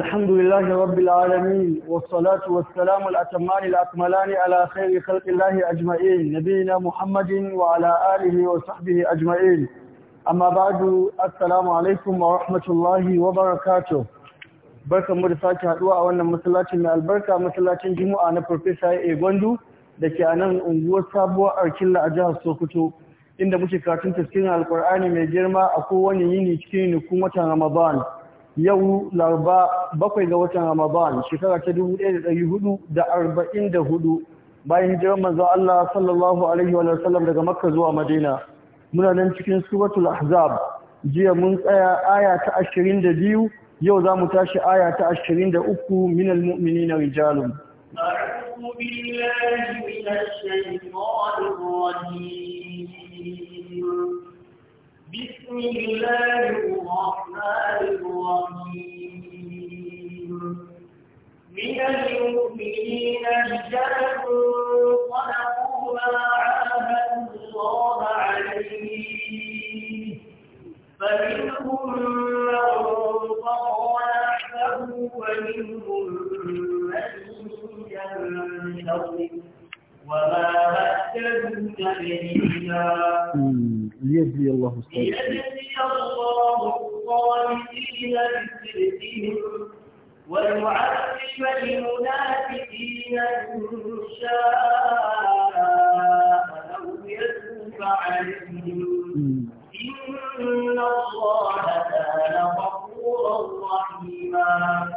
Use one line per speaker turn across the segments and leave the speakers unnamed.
الحمد لله رب العالمين والصلاة والسلام الأتمان الأكملان على خير خلق الله أجمعين نبينا محمد وعلى آله وصحبه أجمعين أما بعد السلام عليكم ورحمة الله وبركاته barkan mu da sake haɗuwa a wannan masallacin mai albarka masallacin Juma'a na Professor A Gwandu da ke a nan unguwar sabuwar Arkilla a jihar Sokoto inda muke karatun tafsirin Alkur'ani mai girma a kowane yini cikin nukun watan Ramadan. yau larba bakwai ga watan ramadan shekara ta dubu ɗaya da hudu hudu bayan jiran manzo Allah sallallahu alaihi wa sallam daga makka zuwa madina muna nan cikin suratul ahzab jiya mun tsaya aya ta da biyu yau za mu tashi aya ta ashirin da uku min
أعوذ na من الشيطان بسم الله الرحمن الرحيم من المؤمنين رجال صدقوا ما عاهدوا الله عليه فمنهم من قضى نحبه ومنهم من ينتظر وما مكنوا جميعا ليجزي الله الصالحين ليجزي الله الصالحين بصدقهم ويعذب المنافقين إن شاء أو يتوب عليهم إن الله كان غفورا رحيما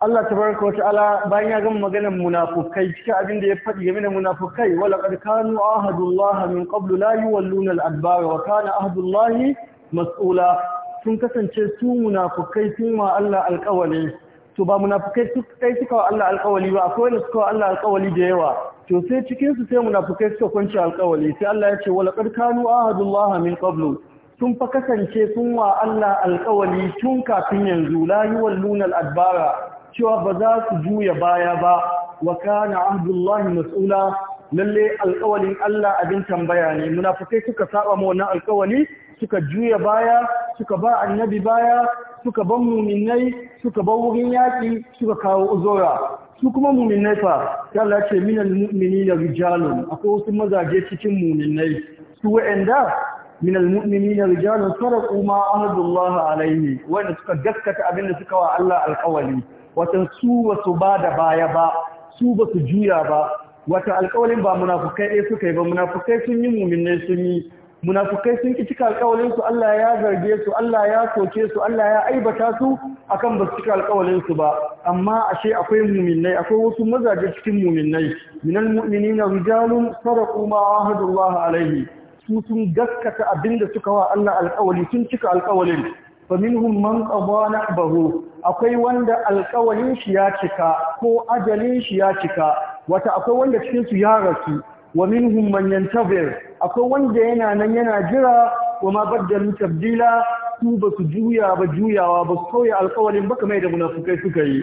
Allah ta baraka wa ta'ala bayan ya gama maganar munafukai cikin abin da ya faɗi game da munafukai wala qad kanu ahadullahi min qablu la yuwalluna al-adbar wa kana ahdullahi mas'ula sun kasance su munafukai sun wa Allah alƙawali to ba munafukai su kai suka wa Allah alƙawali ba akwai wanda suka wa Allah alƙawali da yawa to sai cikin su sai munafukai suka kwanci alƙawali sai Allah ya ce wala qad kanu ahadullahi min qablu sun fa kasance sun wa Allah alƙawali tun kafin yanzu la yuwalluna al-adbara cewa ba za su juya baya ba wa kana Abdullahi mas'ula lalle alƙawalin Allah abin tambaya ne munafikai suka saba mu wannan alƙawali suka juya baya suka ba annabi baya suka ban muminai suka ban wurin yaki? suka kawo uzura su kuma muminai fa ta Allah ce minal mu'minina rijalun akwai wasu mazaje cikin muminai su wa'anda minal mu'minina rijalun sadaqu ma ahadullah alaihi wanda suka gaskata abin da suka wa Allah alƙawali watan su ba su ba da baya ba su ba su juya ba wata alƙawalin ba munafukai ɗaya suka yi ba munafukai sun yi muminai sun yi munafukai sun ki cika alƙawalin su Allah ya zarge su Allah ya soke su Allah ya aibata su akan ba su cika alƙawalin su ba amma ashe akwai ne akwai wasu mazaje cikin muminai minal mu'minina rijalun kumawa ma ahadullah alaihi su sun gaskata abinda suka wa Allah alƙawali sun cika alƙawalin fa minhum man qada bahu, akwai wanda alƙawarin shi ya cika ko ajalin shi ya cika wata akwai wanda cikin su ya rasu wa minhum man yantazir akwai wanda yana nan yana jira wa ma baddalu tabdila su ba su juya ba juyawa ba su sauya alƙawarin ba kamar da munafukai suka yi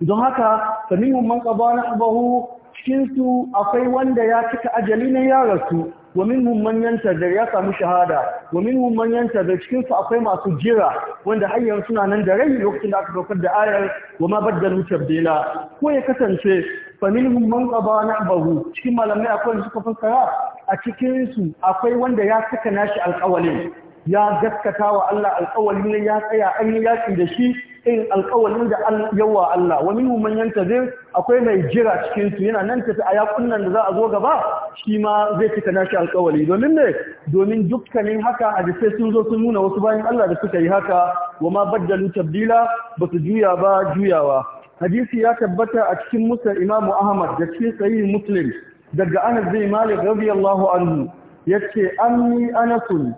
don haka fa minhum man qada nahbahu cikin su akwai wanda ya cika ajali ne ya rasu wa minhum man yantazir ya samu shahada wa minhum man yantazir cikin su akwai masu jira wanda har suna nan da rai lokacin da aka daukar da ayar wa ma baddalu tabdila ko ya kasance fa minhum man qada na'bahu cikin malamai akwai suka fassara a cikin su akwai wanda ya saka nashi alƙawalin ya gaskata wa Allah alƙawalin ne ya tsaya an yi yaƙi da shi in alƙawalin da yawa Allah Wani minhu man akwai mai jira cikin su yana nan tafi a yakunan da za a zo gaba shi ma zai cika nashi alƙawali domin ne domin dukkanin haka hadisai sun zo sun nuna wasu bayan Allah da suka yi haka wa ma baddalu tabdila ba su juya ba juyawa hadisi ya tabbata a cikin musnad Imam Ahmad da cikin sahih Muslim daga Anas bin Malik radiyallahu anhu yace anni anasun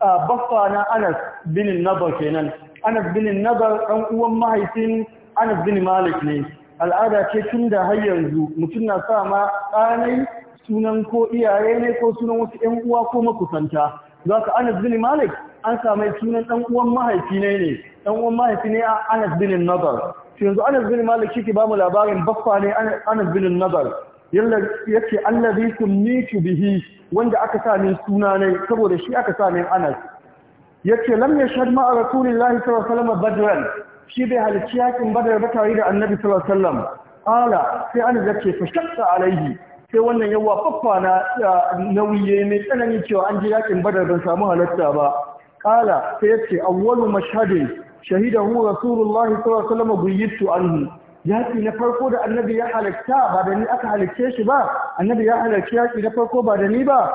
baffa na Anas binin Nadar kenan Anas binin Nadar ɗan uwan mahaifin Anas binin Malik ne al'ada ce tun da har yanzu mutum na sa ma ɗanai sunan ko iyaye ne ko sunan wasu ƴan uwa ko makusanta za ka Anas binin Malik an samai sunan ɗan uwan mahaifi ne ne ɗan uwan mahaifi ne a Anas binin Nadar yanzu Anas binin Malik shi ke ba mu labarin baffa ne Anas binin Nadar yalla yace allazi summitu bihi wanda aka sa min suna ne saboda shi aka sa min anas yace ce yashhad ma'a rasulillahi sallallahu alaihi badran shi bai halicci yakin badar ba tare da annabi sallallahu ala sai an zace fa shakka alaihi sai wannan yawa faffa na nauyi mai tsanani cewa an ji yakin badar ban samu halatta ba ala sai yace awwalu mashhadin shahidahu rasulullahi sallallahu alaihi anhu yaƙi na farko da annabi ya halitta? ba da ni aka halicce shi ba annabi ya halarci yaƙi na farko ba da ni ba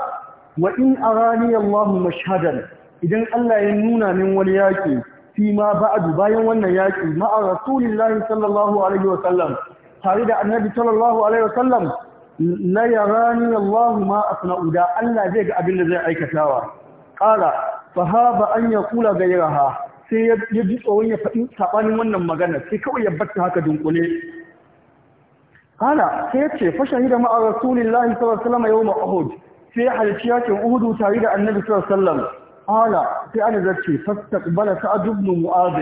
wa in arani Allahu mashhadan idan Allah ya nuna min wani yaƙi fi ma ba'adu bayan wannan yaƙi ma'a rasulillahi sallallahu alaihi wa sallam tare da annabi sallallahu alaihi wa sallam la yarani Allahu ma asna'u da Allah zai ga abin da zai aikatawa qala fa haba an kula gairaha. sai ya ji tsoron ya faɗi saɓanin wannan magana sai kawai ya batta haka dunkule Hala sai ya ce fa shahida ma'a rasulillahi sallallahu alaihi wasallam yawma uhud sai ya halci yakin uhudu tare da annabi sallallahu alaihi wasallam hala sai ana zace fastaqbala sa'ad ibn mu'adh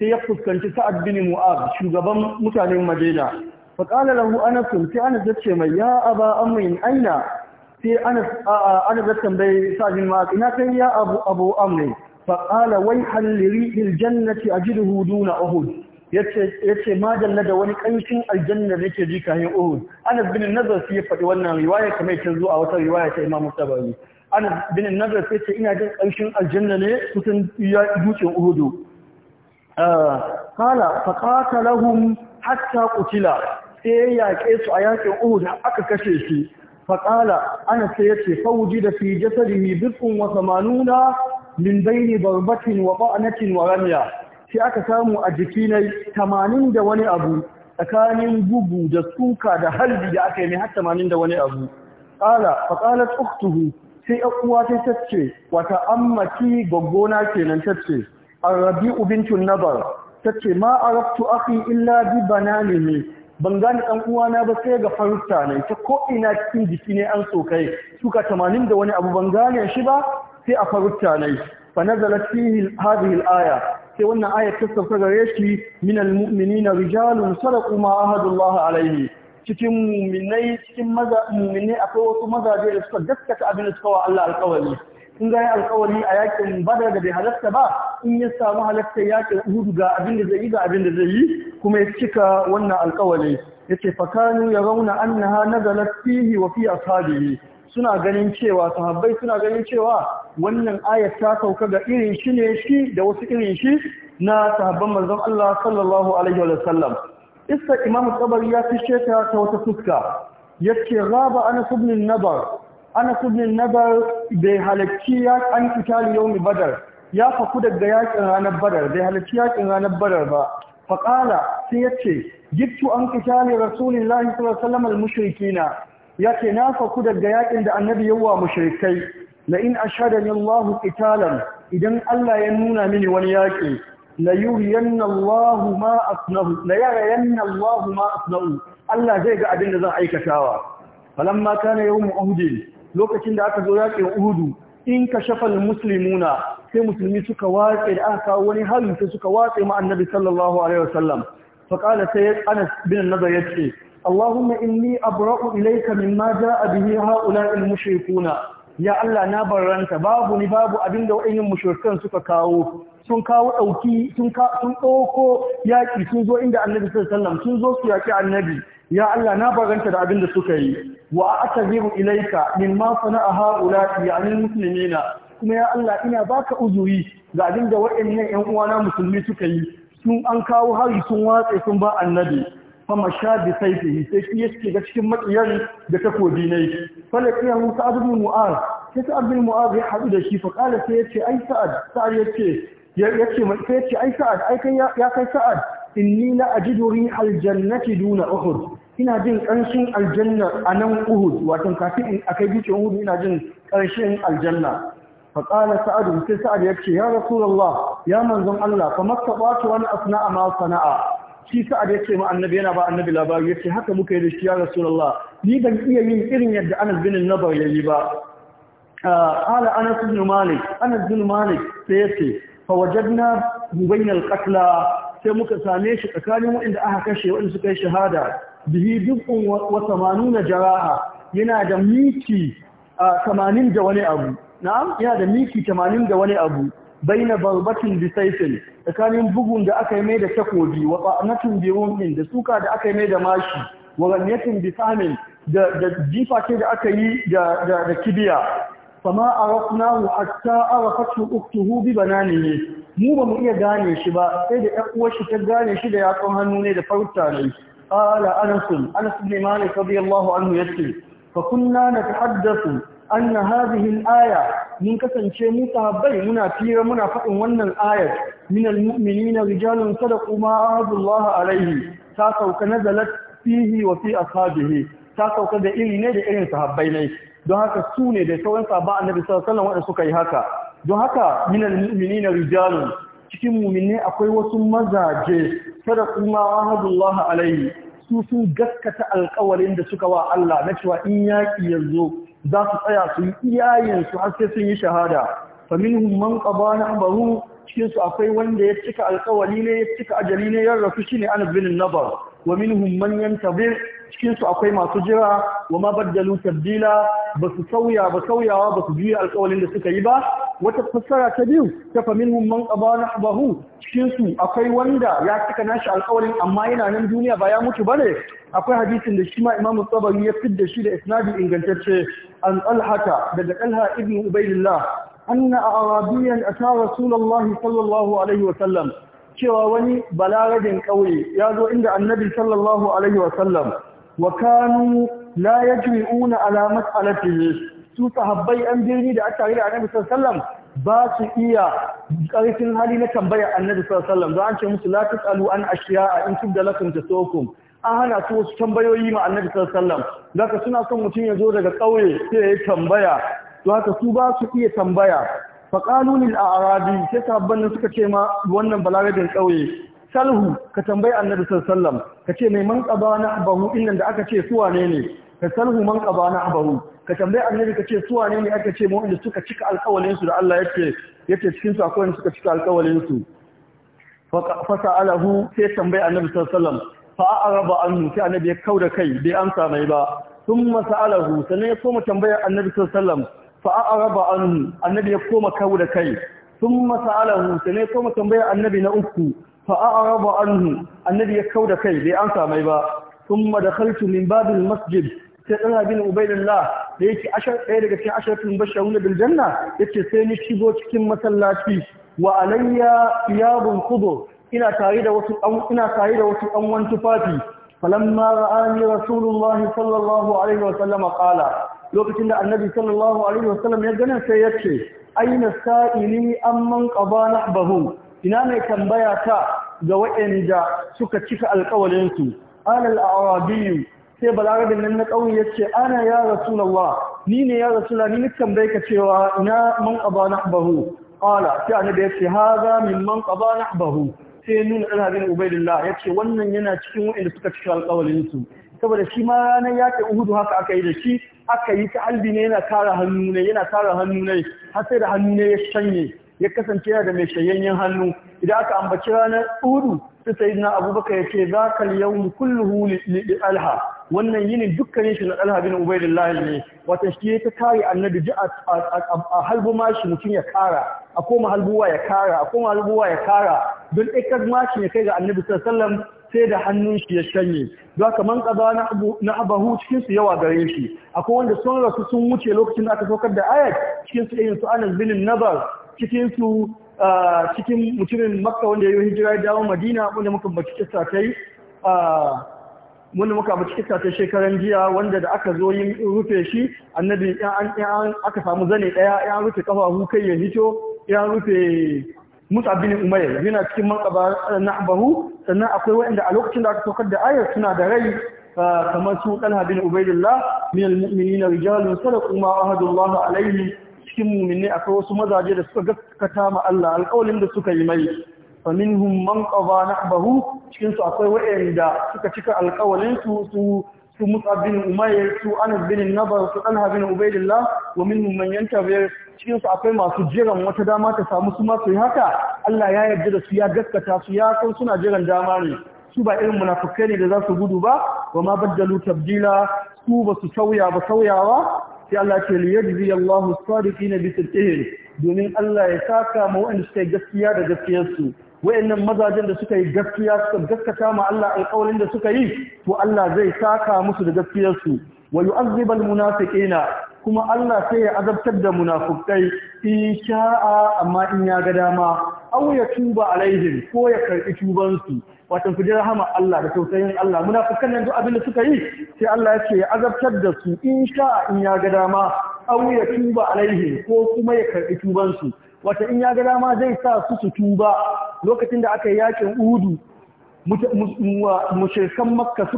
sai ya fuskanci sa'ad bin mu'adh shugaban mutanen madina fa qala lahu anas sai ana zace mai ya aba amrin aina sai ana ana zace bai sa'ad bin mu'adh ina kai ya abu abu faƙala wai halliri iljannati a hudu na uhud ya ce madalla da wani ƙanshin aljanna yake ke ji kayan uhud anas bin nazar su ya faɗi wannan riwaya kamar yake zuwa wata riwaya ta imam tabari Ana bin nazar sai ce ina jin ƙanshin aljanna ne kusan ya dukin uhudu kala faƙatalahum hatta kutila sai ya yaƙe su a yaƙin uhud aka kashe shi faƙala ana sai ya ce fawji da fi jasadihi bisun wa samanuna min baini barbatin wa ba'natin wa ramya sai aka samu a jiki na 80 da wani abu tsakanin bugu da suka da halbi da aka yi mai har 80 da wani abu qala fa ukhtuhu sai uwa ta tace wata ammaki goggona kenan tace arabi'u bintun nabar tace ma araftu akhi illa bi bananihi ban gane ɗan uwana ba sai ga farutta ne ta ko ina cikin jiki ne an sokai suka tamanin da wani abu ban gane shi ba sai a farutta nai fa nazalat fihi hadhihi al-aya sai wannan ayar ta sauka gare shi minal mu'minina rijalun sadaqu ma ahadullah alaihi cikin mu'minai cikin maza mu'minai akwai wasu mazaje da suka gaskata abin da suka wa Allah alƙawari in ga ya alƙawari a yakin badar da bai halatta ba in ya samu halatta yakin uhud ga abin da zai yi ga abin da zai yi kuma ya cika wannan alƙawari yace fakanu rauna annaha nazalat fihi wa fi ashabihi suna ganin cewa sahabbai suna ganin cewa wannan ayat ta sauka ga irin shi ne shi da wasu irin shi na sahabban manzon Allah sallallahu alaihi wa sallam isa imam tabari ya fice ta ta wata fuska yace raba anas ibn nabar anas ibn nabar bai halacci ya an kitali badar ya faku daga yakin ranar badar bai halacci yakin ranar badar ba faqala sai yace jittu an kitali rasulillahi sallallahu alaihi wa sallam al mushrikina yake na faku daga yakin da annabi yawa mushrikai la in ashhadani Allahu qitalan idan Allah ya nuna mini wani yaki la yuriyanna Allahu ma asnahu la Allahu ma asnahu Allah zai ga abin da zan aikatawa falamma kana yawm uhud lokacin da aka zo yakin uhud in kashafal muslimuna sai musulmi suka watsa da aka kawo wani halin sai suka watse ma annabi sallallahu alaihi wasallam fa qala sai Anas bin Nadar yace اللهم إني أبرأ إليك مما جاء به هؤلاء المشركون ya Allah na barranta babu ni babu abinda wa'annan mushrikan suka kawo sun kawo dauki sun ɗauko yaƙi. sun zo inda Annabi sallallahu sun zo su yaki Annabi ya Allah na baranta da abinda suka yi wa ataziru ilaika mimma sana'a haula ya'ni muslimina kuma ya Allah ina baka uzuri ga abinda wa'annan ƴan uwana musulmi suka yi sun an kawo hari sun watse sun ba Annabi fama sha bi sai saifihi sai shi yake ga cikin maƙiyar da ta takobi ne falakiyahu sa'ad abin mu'az sai sa'ad ibn mu'az ya haɗu da shi fa qala sai yace ai sa'ad sa'ad yace yace mai sai yace ai sa'ad ai kai ya kai sa'ad inni la ajidu rihal jannati duna uhud ina jin ƙarshen aljanna a nan uhud wato kafin in akai bice uhud ina jin ƙarshen aljanna فقال سعد بن سعد يكشي يا رسول الله يا من زم الله فما استطعت wani أصنع ما sana'a. shi sa'ad ya ce ma annabi yana ba annabi labari ya ce haka muka yi da shi ya rasulullah ni ban iya yin irin yadda anas bin nabar ya yi ba ah, ala anas bin malik anas bin malik sai ya fa wajadna qatla sai muka same shi tsakanin waɗanda aka kashe waɗanda suka yi shahada bihi dukkan wa samanuna jaraha yana da miki 80 ah, da wani abu na'am yana da miki 80 da wani abu baina barbatin bi tsakanin bugun da aka yi mai da takobi wa qanatun bi da suka da aka yi mai da mashi wa ranyatin bi da jifa ce da aka yi da da kibiya fama arafnahu hatta arafatu bana ne ne. mu ba mu iya gane shi ba sai da 'yar uwar shi ta gane shi da yatsun hannu ne da farta ne qala ne anas bin malik Allahu anhu yace fa kunna natahaddathu anna hadhihi al-aya mun kasance mu sahabbai muna fira muna faɗin wannan ayar min al-mu'minina rijalun sadaqu ma ahadullah alaihi ta sauka nazalat fihi wa fi ashabihi ta sauka da iri ne da irin sahabbai ne don haka su ne da sauran sahabba annabi sallallahu alaihi wanda suka yi haka don haka min al rijalun cikin mu'mini akwai wasu mazaje sadaqu kuma ahadullah alaihi su sun gaskata alƙawarin da suka wa Allah na cewa in yaƙi yanzu za su tsaya su yi iyayensu har sai sun yi shahada faminhum man qada na cikin cikinsu akwai wanda ya cika alƙawali ne ya cika ajali ne ya rafu shine Anas Nabar wa minhum man yantabir cikin su akwai masu jira wa ma baddalu tabdila basu sauya ba sauyawa basu juya alƙawalin da suka yi ba wata fassara ta biyu ta fa minhum man qabana bahu cikin su akwai wanda ya cika nashi alƙawarin. amma yana nan duniya ba ya mutu bane akwai hadisin da shi ma Imam Tabari ya fidda shi da isnadi ingantacce an alhata daga alha ibn Ubaydillah anna arabiyan ata rasulullahi sallallahu alaihi wa sallam cewa wani rabin ƙauye ya zo inda annabi sallallahu alaihi wasallam wa kanu la yajmi'una ala mas'alatihi su sahabbai an birni da aka da annabi sallallahu ba su iya ƙarfin hali na tambaya annabi sallallahu alaihi wasallam an ce musu la tasalu an ashiya'a in tubda lakum tasukum an hana su wasu tambayoyi ma annabi sallallahu alaihi wasallam zaka suna son mutum ya zo daga ƙauye sai ya tambaya to haka su ba su iya tambaya faƙalu lil a'rabi sai sabban nan suka ce ma wannan balagatin ƙauye salhu ka tambayi annabi sallallahu ka ce mai man qaba na abahu inda da aka ce su wane ne ka salhu man qaba na abahu ka tambayi annabi ka ce su wane ne aka ce mu inda suka cika alƙawalin su da Allah yake yace cikin su akwai suka cika alƙawalin su fa sa'alahu sai tambayi annabi sallallahu fa a'raba anhu sai annabi ya kauda kai bai amsa mai ba thumma sa'alahu sannan ya koma tambayi annabi sallallahu fa'araba anhu annabi ya koma kawo da kai thumma sa'alahu sai ne koma tambayar annabi na uku fa'araba anhu annabi ya kawo da kai bai an samai ba thumma dakhaltu min babil masjid sai dan abin ubaidillah da yake ashar ɗaya daga cikin asharatun bashawun bil janna ce sai ni shigo cikin masallaci wa alayya thiyabun khudr ina tare da wasu ina tare da wasu ɗan wani tufafi falamma ra'ani rasulullahi sallallahu alaihi wa sallama qala lokacin da annabi sallallahu alaihi wasallam ya gane sai ya ce aina sa'ili amman qaba nahbahum ina mai tambaya ta ga waɗanda suka cika alƙawarin su alal arabi sai balarabin nan na ƙauye ya ce ana ya rasulullah ni ne ya rasulullah ni nikan bai ka cewa ina man qaba nahbahu qala sai annabi ya ce haza min man qaba nahbahu sai nuna ɗan abin ubaidillah ya ce wannan yana cikin waɗanda suka cika alƙawarin su saboda shi ma ranar yaƙin uhudu haka aka yi da shi aka yi ta albi ne yana kara hannu ne yana kara hannu ne har sai da hannu ne ya shanye ya kasance yana da mai shayayyen hannu idan aka ambaci ranar udu sai sayyidina abubakar ya ce za ka yawm kulluhu li alha wannan yinin dukkanin shi na alha bin ubaidillah ne wata shi ya ta kare annabi ji a halbu mashi mutum ya kara a koma halbuwa ya kara a koma halbuwa ya kara don ɗaukar mashi ya kai ga annabi sallallahu alaihi wasallam sai da hannun shi ya shanye don kaman kaza na abahu cikin su yawa gare shi akwai wanda sun rasu sun wuce lokacin da aka saukar da ayat cikin su irin su anas bin Nabar, cikin su ah, cikin mutumin makka wanda ya yi hijira ya dawo madina wanda muka baci kissa ah, wanda muka baci kissa shekaran jiya wanda da aka zo yin rufe shi annabi aka samu zane daya ya rufe kafafu kai ya hito ya rufe Musa bin Umar yana cikin manqaba na'bahu sannan akwai wanda a lokacin da aka saukar da ayar suna da rai ah, kamar su Talha bin Ubaidillah min al-mu'minina rijalun sadaqu ma ahadullah alayhi cikin mu'minai akwai wasu mazaje da suka gaskata ma Allah alƙawalin da suka yi mai faminhum man qada na'bahu cikin su akwai wanda suka cika alƙawalin su su su Mus'ab bin Umayr su Anas bin Nabar su Talha bin Ubaidillah wa minhum man yantabir cikin su akwai masu jiran wata dama ta samu su masu su haka Allah ya yarda da su ya gaskata su ya san suna jiran dama ne su ba irin munafukai ne da za su gudu ba wa ma baddalu tabdila su ba su sauya ba sauyawa sai Allah ce li yajzi Allahu as-sadiqina bi domin Allah ya saka mu wanda suka gaskiya da gaskiyarsu wayannan mazajen da suka yi gaskiya suka gaskata ma Allah alƙawarin da suka yi to Allah zai saka musu da su wa yu'azzibu almunafiqina kuma Allah sai ya azabtar da munafikai in sha'a amma in ya ga dama aw ya tuba alaihim ko ya karbi tuban su wato ku rahama Allah da tausayin Allah munafikan nan duk abin da suka yi sai Allah ya ce ya azabtar da su in sha'a in ya ga dama aw ya tuba alaihim ko kuma ya karbi tuban su wata in ya ga dama zai sa su su tuba lokacin da aka yi yakin udu mushirkan makka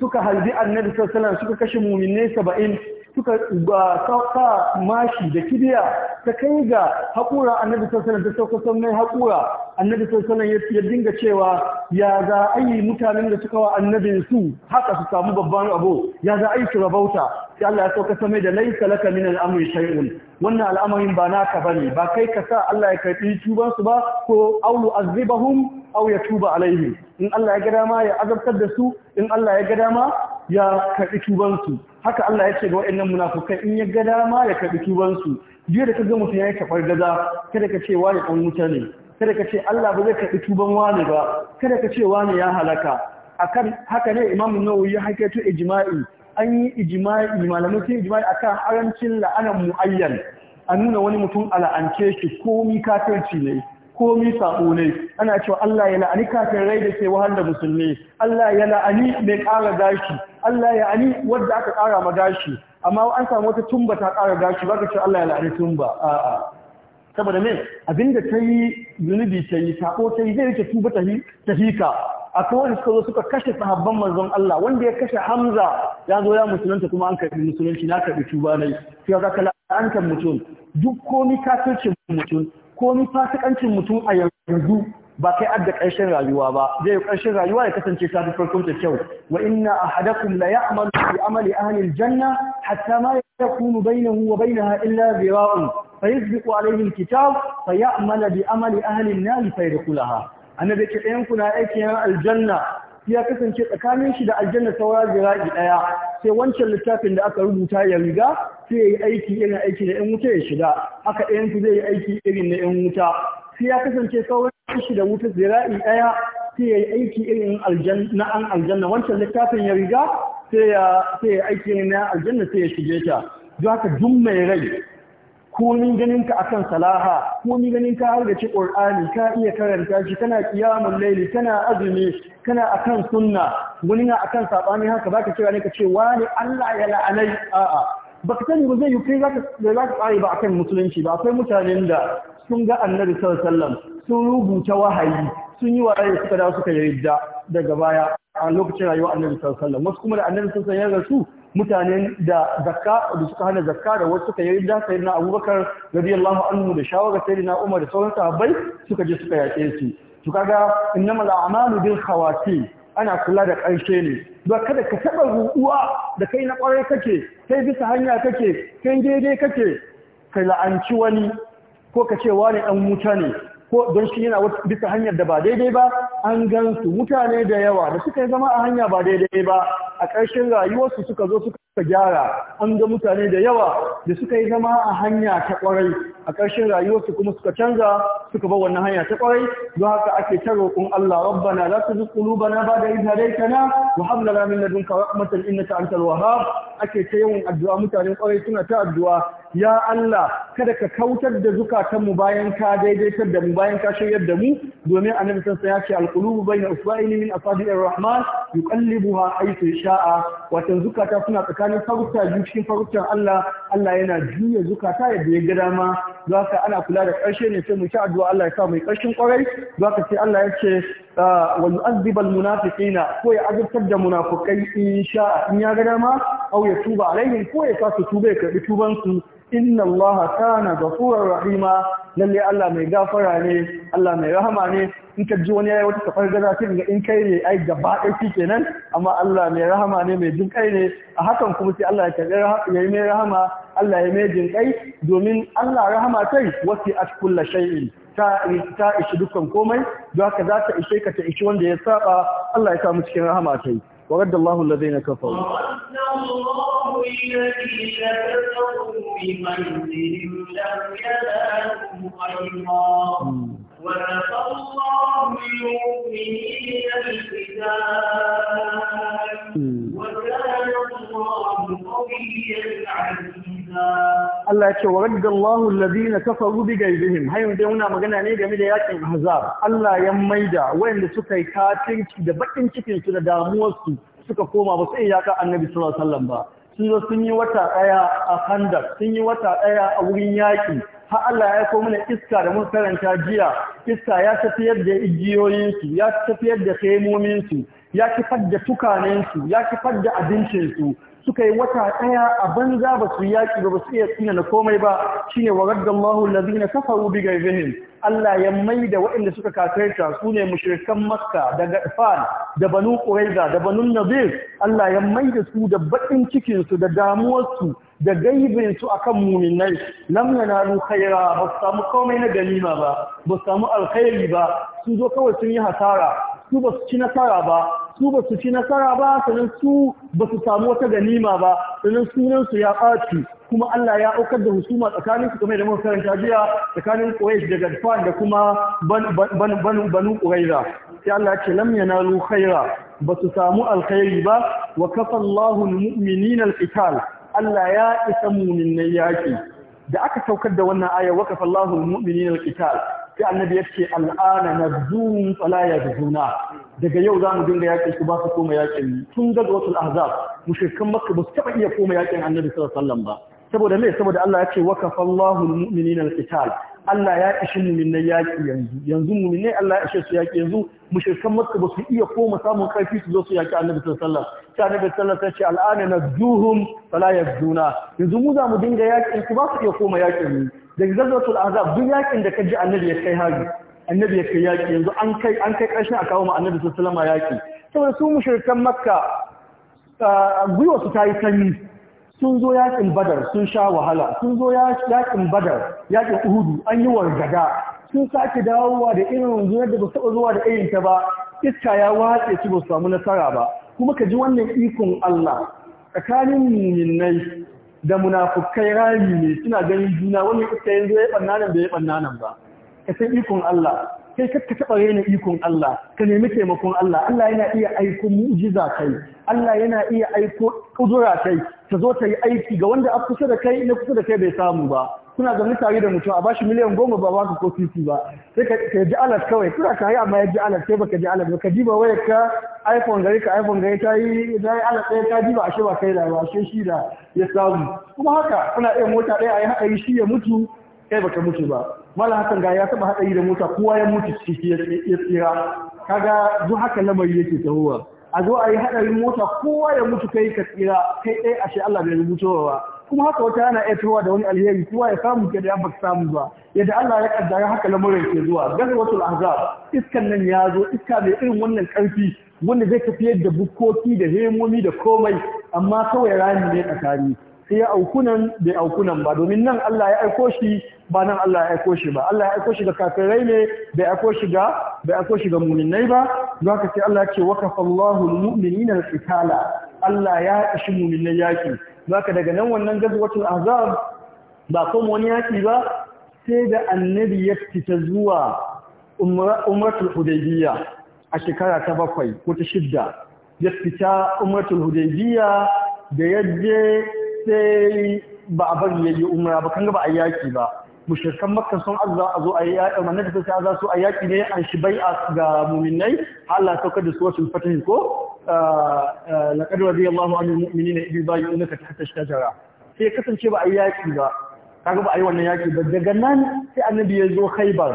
suka harbi annabi sallallahu suka kashe muminai saba'in suka ba sauka mashi da kibiya ta kai ga haƙura annabi sassanin ta sauka son mai haƙura annabi sassanin ya dinga cewa ya za a yi mutanen da suka wa annabin su haka su samu babban abu ya za a yi su rabauta sai Allah ya sauka mai da laisa laka min al'amri shay'un wannan al'amarin ba naka bane ba kai ka sa Allah ya karɓi tuban su ba ko aulu azibahum aw yatuba alaihim in Allah ya ga dama ya azabtar da su in Allah ya ga dama ya karɓi tubansu haka Allah ya ce ga waɗannan munafukai in ya ga dama ya karɓi tubansu jiya da ka ga mutum ya yi kafar gaza kada ka ce wani ɗan wuta ne kada ka ce Allah ba zai karɓi tuban wani ba kada ka ce wani ya halaka akan haka ne Imam Nawawi ya haikaito ijma'i an yi ijma'i malamai sun ijma'i akan arancin la'anan muayyan a nuna wani mutum a la'ance shi komi kafirci ne komi sabo ne ana cewa Allah ya la'ani kafirai da ke wahal da musulmi Allah ya la'ani mai ƙara gashi Allah ya ani wadda aka ƙara ma gashi amma an samu wata tumba ta ƙara gashi ba ka ce Allah ya la'ani tumba a'a saboda me abinda ta yi zunubi ta yi sako ta yi zai rike tuba ta hika akwai wani suka zo suka kashe sahabban manzon Allah wanda ya kashe Hamza ya zo ya musulunta kuma an karbi musulunci na karbi tuba ne sai ka kala an kan mutum duk komi kafircin mutum komi fasikancin mutum a yanzu ba kai adda ƙarshen rayuwa ba zai ƙarshen rayuwa ya kasance ta fi farkon ta kyau wa inna ahadakum la ya'malu bi amali ahli aljanna hatta ma yakunu bainahu wa bainaha illa zira'un fayasbiqu alayhi alkitab fay'amalu bi amali ahli an-nar fayadkhulaha annabi ke ɗayan ku na na aljanna ya kasance tsakanin shi da aljanna saura zira'i ɗaya sai wancan littafin da aka rubuta ya riga sai ya yi aiki irin aiki na 'yan wuta ya shiga haka ɗayan ku zai yi aiki irin na 'yan wuta sai ya kasance kawai shi da wuta zira'i ɗaya sai ya yi aiki irin na an aljanna wancan littafin ya riga sai ya aiki irin na aljanna sai ya shige ta don haka duk mai rai komin ganin ka akan salaha komin ganin ka har da ci qur'ani ka iya karanta shi kana qiyamul layli kana azumi kana akan sunna wani na akan saɓani? haka baka cewa ne ka ce wani Allah ya la'anai a'a baka sani ba zai yi kai da za ka tsari ba akan musulunci ba akwai mutanen da sun ga annabi sallallahu alaihi sun rubuta wahayi sun yi wahayi suka dawo suka yarda daga baya a lokacin rayuwar annabi sallallahu alaihi wasu kuma da annabi sallallahu alaihi ya rasu mutanen da zakka da suka hana zakka da wasu suka yarda sayyidina Abubakar radiyallahu anhu da shawara sayyidina Umar da sauran sahabbai suka je suka yaƙe su to kaga innamal a'malu bil khawatim ana kula da ƙarshe ne ba kada ka taɓa ruɗuwa da kai na ƙwarai kake kai bisa hanya kake kai daidai kake ka la'anci wani ko ka ce wani ɗan wuta ne ko don shi yana bisa hanyar da ba daidai ba an gan su mutane da yawa da suka yi zama a hanya ba daidai ba a ƙarshen rayuwarsu suka zo suka suka gyara an ga mutane da yawa da suka yi zama a hanya ta kwarai a ƙarshen rayuwarsu kuma suka canza suka bar wannan hanya ta kwarai don haka ake ta roƙon Allah rabbana la tuzigh qulubana ba'da idh hadaytana wa hab lana min ladunka rahmatan innaka antal wahhab ake ta yawan addu'a mutanen kwarai suna ta addu'a ya Allah kada ka kautar da zukatanmu mu bayan ka daidaitar da mu bayan ka shiryar da mu domin annabi san sai ya ce al-qulubu bayna usba'ini min asabi'ir rahman yuqallibuha aytu sha'a wa zukata suna tsaka tsakanin farutta biyu cikin faruttan Allah Allah yana juya zukata yadda ya ga dama za ka ana kula da ƙarshe ne sai mu sha addu'a Allah ya sa mai ƙarshen ƙwarai Za ka sai Allah ya ce ah, wa yu'adhibu al-munafiqina ko ya azabtar da munafiqai in sha in ya gada ma? au ya tuba alaihim ko ya sa tuba ya karɓi tuban su inna allaha kana ghafurur rahima lalle Allah mai gafara ne Allah mai rahama ne in ka ji wani yayi wata tafar gaza cikin ga in kai ne ai gaba ɗaya kenan amma Allah mai rahama ne mai jin kai ne a hakan kuma sai Allah ya yi mai rahama Allah ya mai jin kai domin Allah rahama kai wasi'at kullu shay'in ta ta ishi dukkan komai don haka za ta ishe ka ta ishi wanda ya saba Allah ya samu mu cikin rahama sai wa raddallahu alladhina kafaru
الذين كفروا بمنزلهم لم ينالوا
Allah ya ce wa raddallahu alladhina kafaru bi ghaibihim har dai muna magana ne game da yakin Ahzab Allah ya maida wayanda suka yi kafirci da bakin cikin su da damuwar su suka koma ba su iya yaka Annabi sallallahu alaihi wasallam ba sun zo sun yi wata ɗaya a handa sun yi wata ɗaya a wurin yaƙi har Allah ya komo mana iska da mun karanta jiya iska ya tafiyar da igiyoyinsu ya tafiyar da su ya kifar da su ya kifar da abincin su suka yi wata ɗaya a banza ba su yaƙi ba su iya tsina na komai ba shine wa na allazina kafaru bi ghayrihim Allah ya da waɗanda suka kafirta su ne mushrikan Makka da Gadfan da Banu Quraiza da Banu Nadir Allah ya da su da baɗin cikinsu, da damuwarsu, da gaibinsu su akan muminai lam yanalu khaira ba su samu komai na ganima ba ba su samu alkhairi ba sun zo kawai sun yi hasara su ba su ci nasara ba su ba su ci nasara ba sannan su ba su samu wata ganima ba sannan sunansu ya ɓaci kuma Allah ya aukar da husuma tsakanin su kamar da muka karanta jiya tsakanin Quraysh da Gadfan da kuma banu banu Qurayza sai Allah ya ce lam yanalu khaira ba su samu alkhairi ba wa kafa Allahu almu'minina alqital Allah ya isa mu'minai yaki da aka saukar da wannan aya wa kafa Allahu almu'minina alqital sai annabi ya ce al'ana na zuwun tsala ya zuna daga yau za mu dinga yaƙin ku ba su koma yaƙin. tun daga wasu ahzab mushrikan makka ba su taɓa iya koma yaƙin annabi sallallahu alaihi ba saboda me saboda Allah ya ce wa kafallahu almu'minina alqital Allah ya ishi mu'minai yaƙi yanzu yanzu mu'minai Allah ya ishe su yaki yanzu mushrikan makka ba su iya koma samun karfi su zo su yaƙi annabi sallallahu alaihi sai annabi sallallahu alaihi ya ce al'ana na zuhum tsala ya zuna yanzu mu za mu dinga yaƙin ku ba su iya koma yakin daga zazzatul azab duk yakin da kaji annabi ya kai hari annabi ya kai yaki yanzu an kai an kai a kawo ma annabi sallallahu alaihi yaki saboda su mushrikan makka gwiwa su tayi sanyi sun zo yakin badar sun sha wahala sun zo yakin badar yakin uhudu an yi wargada sun sake dawowa da irin wanzu da ba taɓa zuwa da irin ta ba iska ya watse su ba su samu nasara ba kuma ka ji wannan ikon Allah tsakanin muminai da munafukai rami ne suna ganin juna wani iska yanzu ya yi nan da ya banna nan ba ka san ikon Allah kai ka taɓa raina ikon Allah ka nemi taimakon Allah Allah yana iya aiko mu'jiza kai Allah yana iya aiko kudura kai ta zo ta yi aiki ga wanda a kusa da kai na kusa da kai bai samu ba kuna zaune tare da mutum a bashi miliyan goma ba baka ko titi ba sai ka ji alat kawai kuna ka yi amma ya ji alat sai baka ji alat ba ka ji ba wayar ka iphone gari ka iphone gari ta yi ta yi alat ɗaya ta ji ba a ba kai da ba ashe shi da ya samu kuma haka kuna iya mota ɗaya a yi haɗari shi ya mutu kai baka mutu ba malam hasan ga ya taɓa haɗari da mota kowa ya mutu ciki ya tsira kaga duk haka lamari yake tahowa a zo a yi haɗarin mota kowa ya mutu kai ka tsira kai ɗaya a shi Allah bai rubuta ba kuma haka wata yana iya fitowa da wani alheri kuwa ya samu ke da ya baka samu ba yadda Allah ya kaddara haka lamarin ke zuwa wasu ahzab iskan nan ya zo iska mai irin wannan karfi wanda zai tafiyar da bukkoki da hemomi da komai amma kawai rami ne tsakani sai ya nan bai auku nan ba domin nan Allah ya aiko shi ba nan Allah ya aiko shi ba Allah ya aiko shi ga kafirai ne bai aiko shi ga bai aiko shi ga mu'minai ba Za ka sai Allah ya ce waqafa Allahu al-mu'minina al-qitala Allah ya ishi mu'minai yaki zaka daga nan wannan gazuwatul azab ba kuma wani yaki ba sai da annabi ya fita zuwa umratul hudaybiya a shekara ta bakwai ko ta shidda ya fita umratul hudaybiya da yaje sai ba a bari yayi umra ba kanga ba a yaki ba mushirkan makka sun azza a zo a yi yaƙi manna da sai azza su a yaƙi ne an shi a ga muminai Allah saukar da su wasu fatahin ko eh, eh, laqad radiyallahu anil mu'minina idh yubayyi'unaka ta hata shajara sai kasance ba a yi yaƙi ba kaga ba a yi wannan yaƙi ba daga nan sai annabi ya zo Khaibar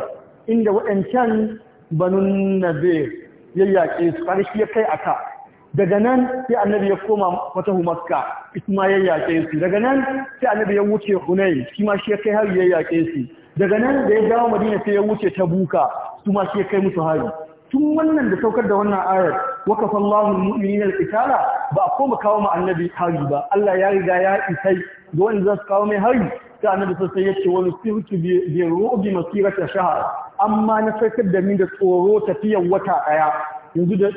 inda waɗancan banun Nadir ya yaƙe su kaga shi ya kai a ka. daga nan sai annabi ya koma fatahu makka isma ya yaƙe su daga nan sai annabi ya wuce hunai shi ma shi ya kai hari ya yaƙe su daga nan da ya dawo madina sai ya wuce ta buka su ma shi ya kai musu hari tun wannan da saukar da wannan ayar waka fallahu mu'minina al-qitala ba a koma kawo ma annabi hari ba Allah ya riga ya isai ga wanda zasu kawo mai hari sai annabi sai ya ce wani sirki bi rubi masirata shahar amma na sarkar da min da tsoro tafiyar wata daya yanzu da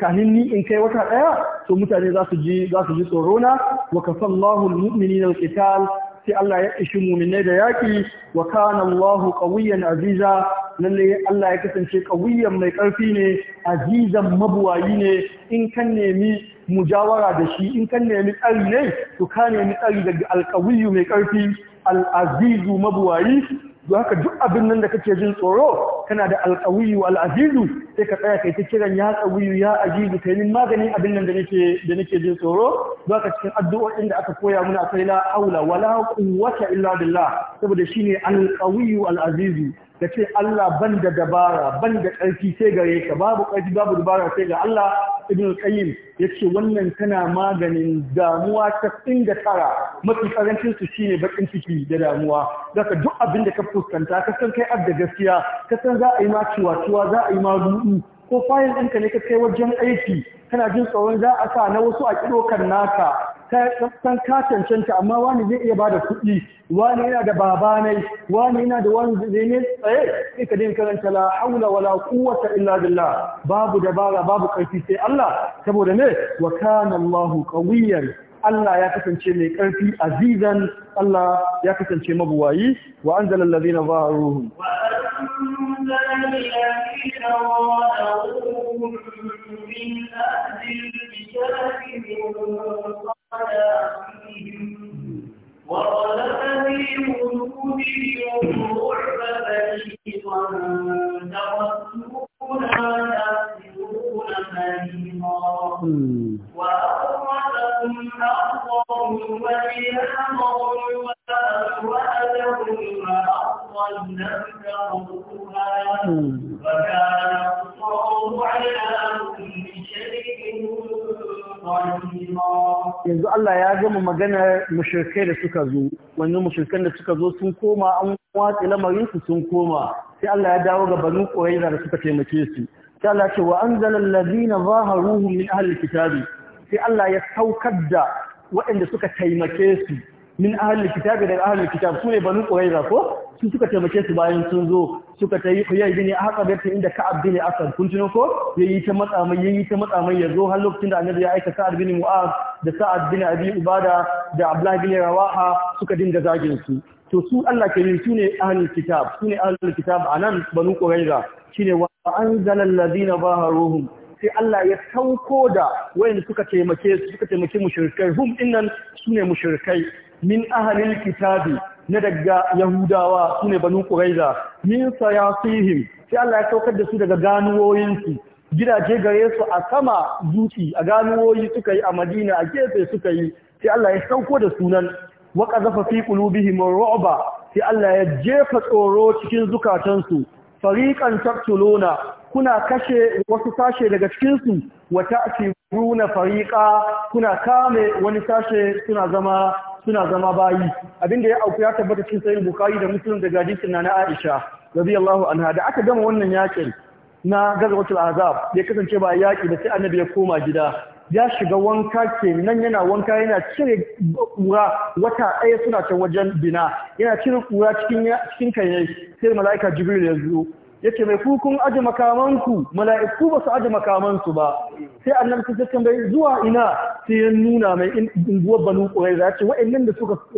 kanin ni in kai wata daya to mutane za su ji za su ji tsoro na wa kafallahu almu'minina qital sai Allah ya ishi mu'minai da yaki wa kana Allahu qawiyyan aziza lalle Allah ya kasance qawiyyan mai karfi ne azizan mabuwayi ne in kan nemi mujawara da shi in kan nemi tsari ne to ka nemi tsari daga alqawiyyu mai karfi al-azizu mabuwayi don haka duk abin nan da kake jin tsoro kana da alƙawiyu al'azizu sai ka tsaya kai ta kiran ya ƙawiyu ya azizu kai min maganin abin nan da nake jin tsoro don haka cikin addu'o'in da aka koya mana akwai la aula? wala quwwata illa billah saboda shine alƙawiyu al'azizu ka ce Allah ban da dabara ban da ƙarfi sai gare ka babu ƙarfi babu dabara sai ga Allah ibn qayyim yace wannan tana maganin damuwa ta inda tara mafi karancin su shine bakin ciki da damuwa daga duk abin da ka fuskanta ka san kai abda gaskiya ka san za a yi ma ciwa za a yi ma ko fayil ɗinka ne ka kai wajen aiki kana jin tsoron za a sa na wasu a kidokan naka san ka cancanta amma wani zai iya bada kuɗi wani yana da babanai wani yana da wani zai ne tsaye sai ka din karanta la haula wala quwwata illa billah babu dabara babu karfi sai Allah saboda ne wa kana Allahu qawiyyan Allah ya kasance mai ƙarfi azizan Allah ya kasance mabuwayi wa anzala allazina zaharuhum wa
anzala allazina zaharuhum Wọ́n ni a ti
yanzu Allah ya gama maganar mushrikai da suka zo wani mushrikan da suka zo sun koma an watsi lamarin su sun koma sai Allah ya dawo ga banu Qurayza da suka taimake su sai Allah ce wa an za a zaharuhum min ahli kitabi sai Allah ya saukar da waɗanda suka taimake su min ahalin kitabi daga ahalin kitab su ne banu ƙuraiza ko su suka taimake su bayan sun zo suka ta yi kuyar gini a haka garta inda ka'ab bin asad kun tuno ko ya yi ta matsamai ya yi ta matsamai ya zo har lokacin da annabi ya aika sa'ad bin mu'az da sa'ad bin abi ubada da abdullahi bin rawaha suka dinga zagin su to su Allah ke yin su ne ahalin kitab su ne ahalin kitab anan banu ƙuraiza shine wa anzalal ladina baharuhum sai Allah ya sauko da wayanda suka taimake su suka taimake mushrikai hum dinnan sune mushrikai min ahalil kitabi na daga yahudawa su ne banu ƙuraiza min sayasihim sai Allah ya saukar da su daga ganuwoyinsu gidaje gare su a sama zuci a ganuwoyi suka yi a madina a gefe suka yi sai Allah ya sauko da sunan wa qazafa fi qulubihim ru'ba sai Allah ya jefa tsoro cikin zukatansu fariqan taqtuluna kuna kashe wasu sashe daga cikin su wa ta'tiruna fariqa kuna kame wani sashe suna zama suna zama bayi abinda ya auku ya tabbata cikin sayin bukari da musulun daga hadisin na na aisha allahu anha da aka gama wannan yakin na gazwatul azab ya kasance ba yaki ba sai annabi ya koma gida ya shiga wanka ke nan yana wanka yana cire kura wata ɗaya suna can wajen bina yana cire kura cikin cikin kai sai mala'ika jibril ya zo yace mai kukun aje makamanku mala'iku ba su aje makamansu ba sai annabi sai bai zuwa ina sai ya nuna mai unguwar banu ƙurai za ce nan da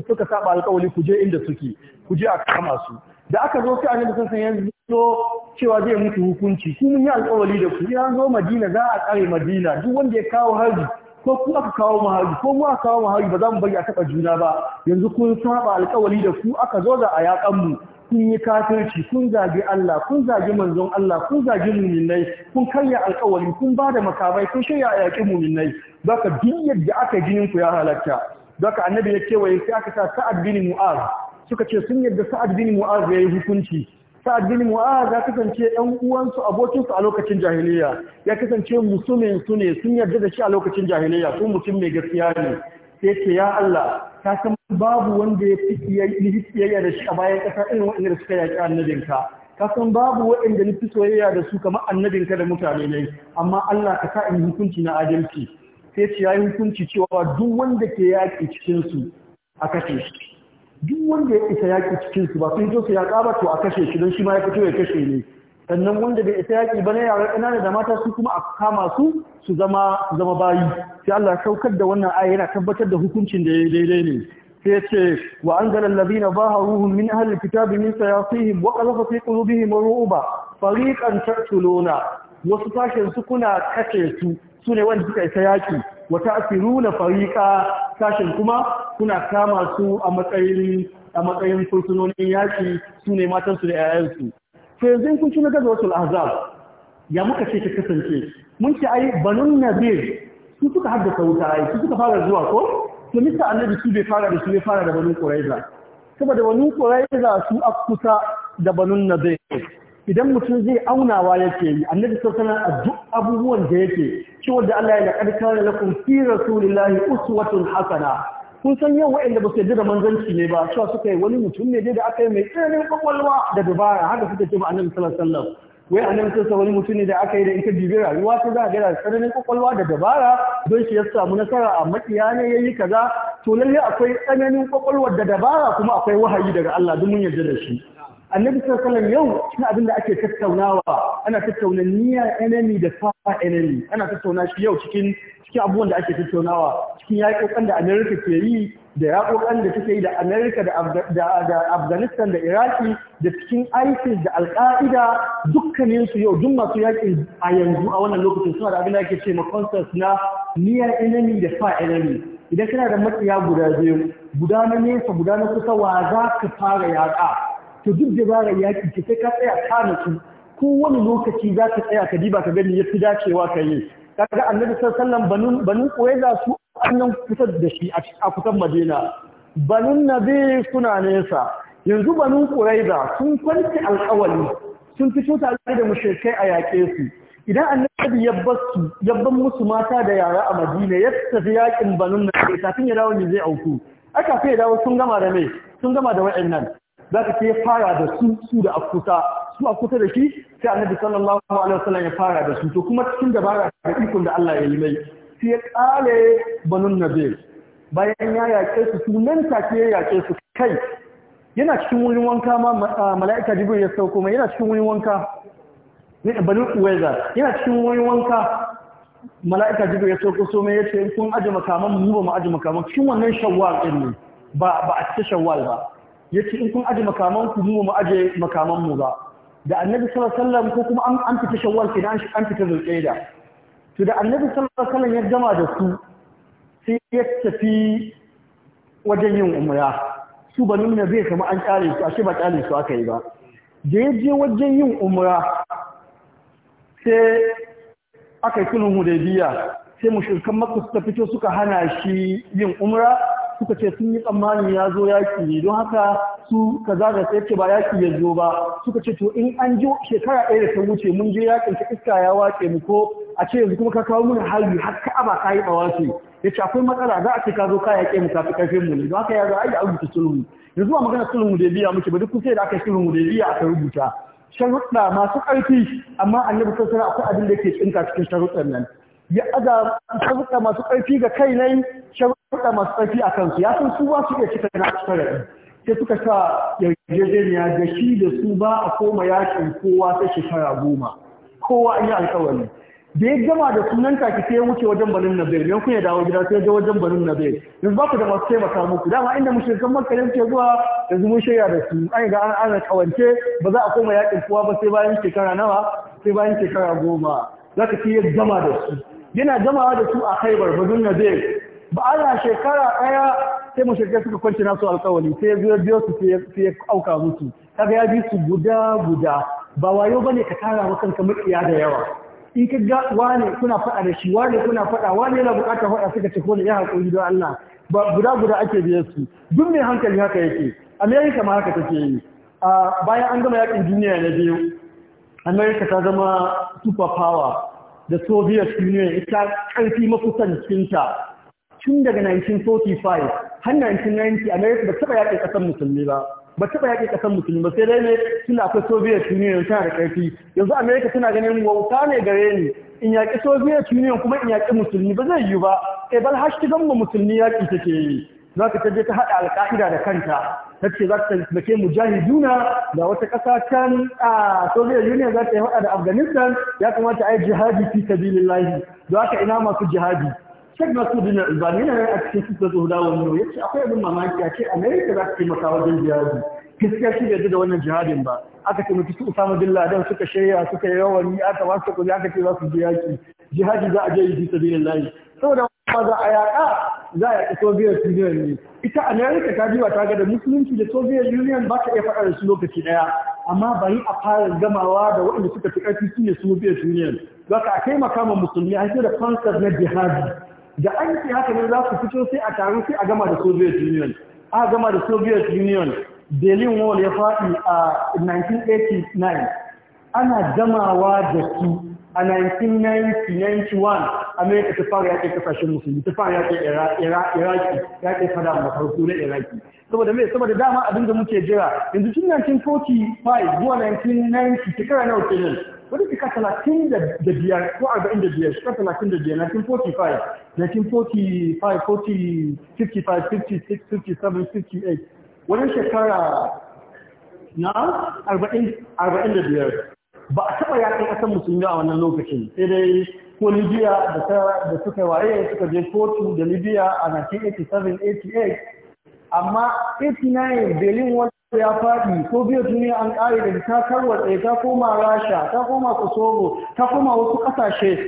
suka saba alƙawali ku je inda suke ku je a kama su da aka zo sai annabi sun san yanzu zo cewa zai mutu hukunci ku mun yi alƙawali da ku ya zo madina za a kare madina duk wanda ya kawo harbi ko ku aka kawo mu harbi ko mu aka kawo mu harbi ba za mu bari a taɓa juna ba yanzu kun saba alƙawali da ku aka zo da a yaƙan mu kun yi kafirci kun zagi Allah kun zagi manzon Allah kun zagi muminai kun karya alƙawari kun ba da makamai kun shirya a yaƙi muminai baka duk yadda aka ginin ku ya halatta baka annabi ya ce kewaye sai aka sa sa'ad bin mu'az suka ce sun yadda sa'ad bin mu'az ya yi hukunci sa'ad bin mu'az ya kasance ɗan uwansu abokinsu a lokacin jahiliya ya kasance musulmin su ne sun yarda da shi a lokacin jahiliya su mutum mai gaskiya ne sai ce ya Allah ka san babu wanda ya fi kiyayya da shi a bayan ƙasa irin waɗanda suka yaƙi annabinka ka san babu waɗanda nufi soyayya da su kamar annabinka da mutane ne amma Allah ka sa in hukunci na adalci sai ce ya yi hukunci cewa duk wanda ke yaƙi cikinsu a kashe shi duk wanda ya isa yaƙi cikinsu ba sun zo su yaƙa ba to a kashe shi don shi ma ya fito ya kashe ne sannan wanda bai isa yaƙi ba na yara ƙanana da mata su kuma a kama su su zama zama bayi sai Allah saukar da wannan aya yana tabbatar da hukuncin da ya daidai ne sai ya ce wa an zala labina ba haruhun min ahalin kitabi min sayasihim wa qalafa fi qulubihim ru'uba fariqan taqtuluna wasu sashen su kuna kace su su ne wanda suka isa yaƙi wa na fariqa sashen kuma kuna kama su a matsayin a matsayin fursunonin yaƙi su ne matansu da 'ya'yansu to yanzu in kun ci na wasu ahzab ya muka ce ta kasance mun ce ai banun nabir su suka haddasa wuta ai su suka fara zuwa ko to mista annabi su bai fara da su bai fara da banun quraiza saboda banun quraiza su kusa da banun nabir idan mutum zai aunawa yake yi annabi sallallahu a duk abubuwan da yake cewa wanda Allah ya laqad da lakum fi rasulillahi uswatun hasana kun san yau wa'anda ba su yarda da manzanci ne ba cewa suka yi wani mutum ne da aka yi mai tsananin kwakwalwa da dabara haka suka ce ba annabi sallallahu alaihi wasallam wai annabi sallallahu wani mutum ne da aka yi da ita bibi rayuwa ta za ga da tsananin kwakwalwa da dabara don shi ya samu nasara a makiya ne yayi kaza to lalle akwai tsananin kwakwalwa da dabara kuma akwai wahayi daga Allah duk mun yarda da shi annabi sallallahu yau shi abin da ake tattaunawa ana tattauna niyyar enemy da fa'a enemy ana tattauna shi yau cikin cikin abubuwan da ake tattaunawa cikin yaƙoƙan da amerika ke yi da yaƙoƙan da take yi da amerika da afghanistan da iraki da cikin isis da alƙa'ida dukkaninsu yau duk masu yaƙin a yanzu a wannan lokacin suna da abin da ake ce ma na near enemy da fa enemy idan kana da matsiya guda biyu guda na nesa guda na kusa wa za ka fara yaƙa to duk da bara yaƙi ki sai ka tsaya ka kowane lokaci za ka tsaya ka diba ka gani ya fi dacewa ka yi kaga annabi sallallahu alaihi banu kuwaiza su annan kusa da shi a kusan madina banu nabi suna nesa yanzu banu kuwaiza sun kwanci alƙawari sun fito tare da mushrikai a yaƙe su idan annabi ya ban musu mata da yara a madina ya tafi yaƙin banun nabi kafin ya dawo ne zai auku aka sai dawo sun gama da mai sun gama da wa'annan za ka ce fara da su su da akusa zuwa kusa da shi sai annabi sallallahu alaihi wasallam ya fara da su to kuma cikin dabara da ikon da Allah ya yi mai sai ya kale banun nabil bayan ya yaƙe su nan take ya yaƙe su kai yana cikin wurin wanka ma mala'ika jibril ya sauko mai yana cikin wurin wanka ne banun uwaiza yana cikin wurin wanka mala'ika jibril ya sauko so mai yace in kun aje makaman mu ba mu aje makaman cikin wannan shawwal din ba ba a cikin shawwal ba yace in kun aje makaman ku mu ba mu aje makaman mu ba da annabi sallallahu ko kuma an fita shawwal dan an fita zulqaida to da annabi sallallahu ya gama da su sai ya tafi wajen yin umra su banu ne zai kama an kare su ashe ba kare su aka yi ba da ya je wajen yin umra sai aka yi sulhu hudaybiya sai mushrikan makka suka fito suka hana shi yin umra suka ce sun yi tsammanin ya zo yaki ne don haka su ka zaga sai ce ba yaki ya zo ba suka ce to in an ji shekara ɗaya da ta wuce mun je yakin ta iska ya wace mu ko a ce yanzu kuma ka kawo mana hali har ba ka yi bawasu ya ce akwai matsala za a ce ka zo ka yaƙe mu kafi karfin mu ne don haka ya zo ai a rubuta sulhu yanzu ba magana sulhu da biya muke ba duk kusa da aka sulhu da biya aka rubuta sharuɗa masu ƙarfi amma annabi sallallahu alaihi akwai abin da yake tsinka cikin sharuɗan nan ya aza sharuɗa masu ƙarfi ga kai nai sharuɗa masu ƙarfi a kansu ya san su ba su iya cika na cikin rai sai suka sa yarjejeniya da shi da su ba a koma yakin kowa ta shekara goma kowa an yi alkawari da ya gama da sunan take sai wuce wajen banin bai. don kun ya dawo gida sai ya je wajen banin nabe yanzu ba ku da masu taimaka muku dama inda mushrikan makka ne ke zuwa yanzu mun shirya da su an ga an ana kawance ba za a koma yakin kowa ba sai bayan shekara nawa sai bayan shekara goma Za ka ya gama da su yana jamawa da su a haibar badun zai ba ana shekara ɗaya sai mashirkai suka kwanci nasu alkawali sai ya biyo biyo su sai ya auka musu kaga ya bi su guda guda ba wayo bane ka tara wa kanka makiya da yawa in ka ga wane kuna faɗa da shi wane kuna faɗa wane yana buƙatar faɗa suka ce ko ya haƙuri don Allah ba guda guda ake biye su duk mai hankali haka yake Amerika ma haka take yi bayan an gama yakin duniya na biyu Amerika ta zama super power da soviet union ita ƙarfi makusancinta tun daga 1945 har 1990 america ba taɓa yaƙi ƙasar musulmi ba ba taɓa yaƙi ƙasar musulmi ba sai dai ne tun akwai soviet union tana da ƙarfi yanzu america tana ganin wauta ne gare ni in yaƙi soviet union kuma in yaƙi musulmi ba zai yiwu ba ebal eh, har shigan mu musulmi yaƙi take yi za ka taje ta haɗa alƙa'ida da kanta ta ce za ta taimake mujahiduna da wata ƙasa can a soviet union za ta yi haɗa da afghanistan ya kamata a yi jihadi fi sabilillahi da haka ina masu jihadi shek masu dina albani na a cikin sisar zuhuda wani ya ce akwai abin mamaki a ce america za ta taimaka wajen jihadi gaskiya shi bai da wannan jihadin ba aka taimaki su usama bin laden suka shirya suka yi rawani aka wasu su aka ce za su je yaƙi jihadi za a je yi sabilillahi saboda ma za a yaƙa za a yaƙi soviet union ne ita america ta wa ta ga da musulunci da soviet union ba ta iya faɗa da su lokaci ɗaya amma bari a fara gamawa da waɗanda suka fi ƙarfi su ne soviet union za ka taimaka ma musulmi a da concert na jihadi da an ce haka ne za ku fito sai a taron sai a gama da soviet union a gama da soviet union berlin wall ya faɗi a 1989 ana gamawa da su a 1991 amerika ta fara yaƙin kasashen musulmi ta fara yaƙin iraki yaƙin fada na farko na iraki saboda mai saboda dama abin da muke jira yanzu tun 1945 zuwa 1990 shekara nawa kenan wadda shekara talatin da biyar ko arba'in da biyar shekara talatin da biyar 1945 1945 40 55 56 57 58 wani shekara na arba'in da biyar ba a taɓa yaƙin ƙasar musulmi a wannan lokacin sai dai ko libya da suka waye suka je kotu da libya a 1987-88 amma 89 berlin wata ya faɗi biyu duniya an ƙare da ta karwatsa ta koma rasha ta koma kosovo ta koma wasu ƙasashe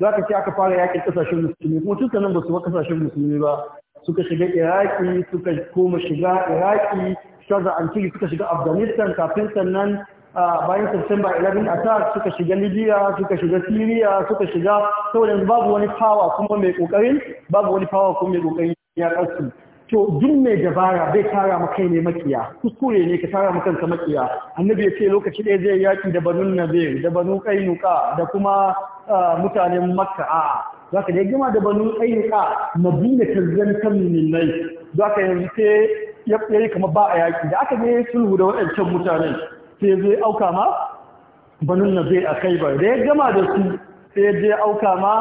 za ka ce aka fara yakin ƙasashen musulmi kuma tun sanin ba su ba ƙasashen musulmi ba suka shiga iraki suka koma shiga iraki suka za'anci suka shiga afghanistan kafin sannan A bayan september 11 attack suka shiga libya suka shiga syria suka shiga saboda babu wani power kuma mai kokarin babu wani power kuma mai kokarin ya kasu to duk mai dabara bai tara maka ne makiya kuskure ne ka tara maka kanka makiya annabi ya ce lokaci ɗaya zai yaki da banu nazir da banu kainuka da kuma mutanen makka za ka gima da banu kainuka madina ta zantar minnai za ka yanzu sai ya yi kama ba a yaki. da aka ne sulhu da waɗancan mutanen sai zai auka ma banin na zai a kai ba da ya gama da su sai zai auka ma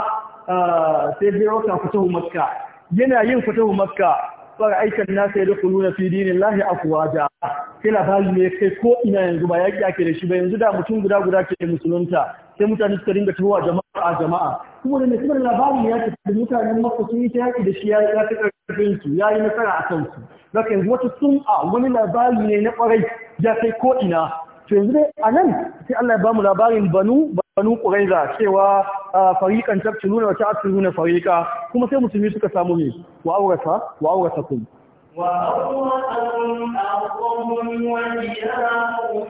ah, sai zai auka fito maka. yana yin fito maka. fara aikin nasa ya da kulu na fidi ne lahi kuwa da sai labari ne kai ko ina yanzu ba yaƙi ake da shi ba yanzu da mutum guda guda ke musulunta sai mutane suka ringa tahowa jama'a jama'a kuma da mutum labarin ya ce da mutanen maka sun yi ta yaƙi da shi ya ta ƙarfin su ya yi nasara a kansu zaka yanzu wata a wani labari ne na ƙwarai ya kai ko ina to yanzu dai a nan sai Allah ya bamu labarin banu banu ƙuraiza cewa fariƙan tabtiluna wa nuna fariƙa kuma sai musulmi suka samu ne wa aurata wa aurata kun
wa auratakum aqwam wa diyarahum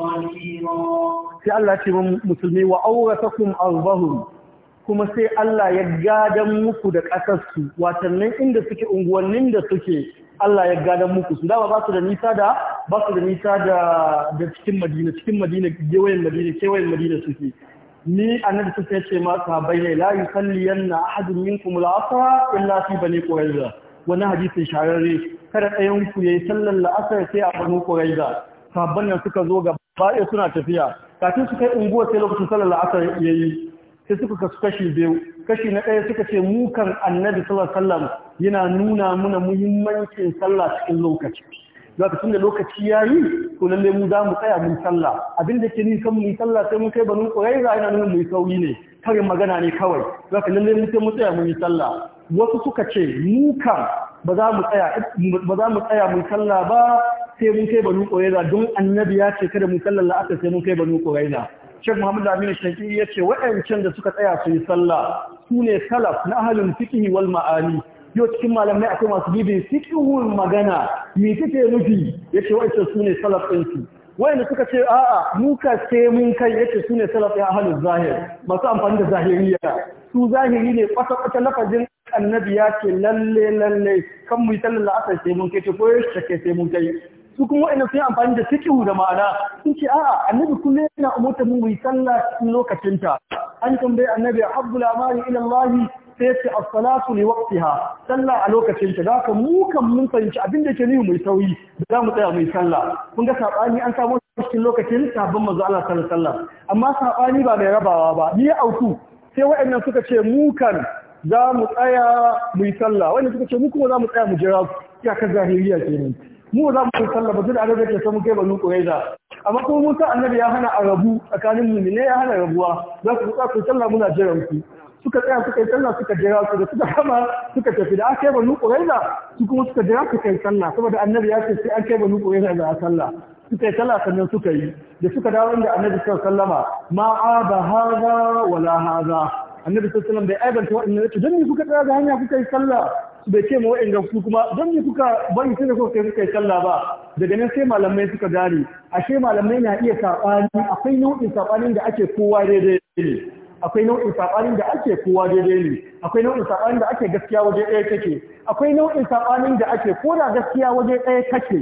wa
sai Allah ce mun musulmi wa auratakum arbahum kuma sai Allah ya gadan muku da kasarsu su watannin inda suke unguwannin da suke Allah ya gadan muku su dama ba su da nisa da ba su da nisa da da cikin Madina cikin Madina gewayen Madina kewayen Madina suke ni annabi sai ya ce ma sahabbai ne la yusalliyanna ahadun minkum al-asra illa fi bani quraiza wani hadisin shahararre kada ɗayan ku yayi sallar la'asar sai a bani quraiza sabon nan suka zo gaba ɗaya suna tafiya kafin su kai unguwar sai lokacin sallar asar ya yi sai suka kasu kashi biyu kashi na ɗaya suka ce mukan annabi sallar sallar yana nuna muna muhimmancin sallah cikin lokaci za ka tun da lokaci ya yi to lallai mu za mu tsaya mun sallah abin da ke nisan mu yi sallah sai mun kai banin ƙuraiza yana nuna mu yi sauri ne karin magana ne kawai za ka lallai mu sai mu tsaya mun yi sallah wasu suka ce mukan ba za mu tsaya mun kalla ba sai mun kai banu ƙoraina don annabi ya ce kada mun kalla la'asar sai mun kai banu ƙoraina Sheikh Muhammad Aminu Shafi ya ce waɗancan da suka tsaya su yi sallah su ne salaf na ahalin fiqh wal ma'ani yau cikin malamai akwai masu bibin fiqhul magana me kake nufi ce waɗancan su ne salaf ɗin su suka ce a'a ka sai mun kai yace su ne salaf ya ahalin zahir masu amfani da zahiriya su zahiri ne kwata-kwata lafazin annabi ya ce lalle lalle kan mu yi sallar la'asar sai mun kai ta ko yake sai mun kai su kuma wa'annan sun amfani da fiqhu da ma'ana sun ce a'a annabi kullum yana umurta mu yi sallah cikin lokacinta an tambaye annabi habbul amali ila Allah sai ya ce as-salatu li waqtiha sallah a lokacinta da haka mu kan mun fahimci abin da ke nihu mai sauyi za mu tsaya mai sallah kun ga sabani an samu cikin lokacin sabon manzo Allah sallallahu alaihi wasallam amma sabani ba mai rabawa ba ni ya auku sai wa'annan suka ce mu kan za mu tsaya mu yi sallah wani suka ce mu kuma za mu tsaya mu jira ya ka zahiriya nan, mu za mu yi sallah ba da annabi ke san mu kai banu da, amma kuma mun san annabi ya hana a rabu tsakanin mu ne ya hana rabuwa za ku tsaya ku sallah muna jiran ku suka tsaya suka yi sallah suka jira su da suka hama suka tafi da aka yi banu quraiza su kuma suka jira su kai sallah saboda annabi ya ce sai an kai banu quraiza da sallah suka yi sallah sannan suka yi da suka dawo inda annabi sallallahu alaihi wasallama ma haza wala haza annabi sallallahu alaihi wasallam bai aibanta wa'annan yace don me kuka tsaya ga hanya kuka yi sallah bai ce ma ga su kuma don me kuka bari sai ko kai kuka yi sallah ba daga nan sai malamai suka gane ashe malamai na iya saɓani akwai nau'in saɓanin da ake kowa daidai ne akwai nau'in saɓanin da ake kowa daidai ne akwai nau'in saɓanin da ake gaskiya waje ɗaya take akwai nau'in saɓanin da ake ko da gaskiya waje ɗaya take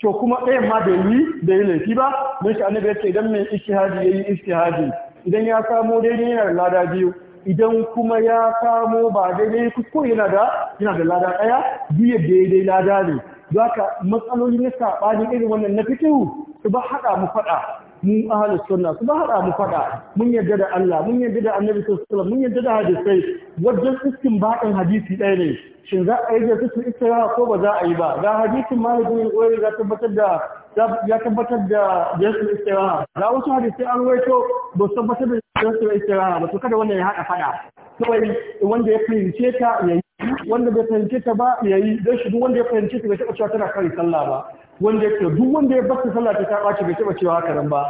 to kuma ɗayan ma bai yi da yi laifi ba don shi annabi ya ce idan mai ishtihadi yayi yi ishtihadi idan ya samu daidai yana da lada biyu idan kuma ya samo ba daidai kuskure yana da yana da lada daya biye daidai lada ne zaka matsaloli na saɓani irin wannan na fikihu su ba haɗa mu faɗa mu ahli sunna su ba haɗa mu faɗa mun yarda da Allah mun yarda da Annabi sallallahu alaihi wasallam mun yarda da hadisai wajen iskin baɗin hadisi ɗaya ne shin za a yi da su ko ba za a yi ba ga hadisin malamin ƙoyar ya tabbatar da ya tabbatar da jinsu istiraha ga wasu hadisai an rawaito ba su tabbatar da jinsu istiraha ba su kada wannan ya haɗa fada kawai wanda ya fahimce ta ya yi wanda bai fahimce ta ba ya yi don shi duk wanda ya fahimce ta bai taɓa cewa tana kari sallah ba wanda ya duk wanda ya basu sallah ta ta ɓaci bai taɓa cewa haka nan ba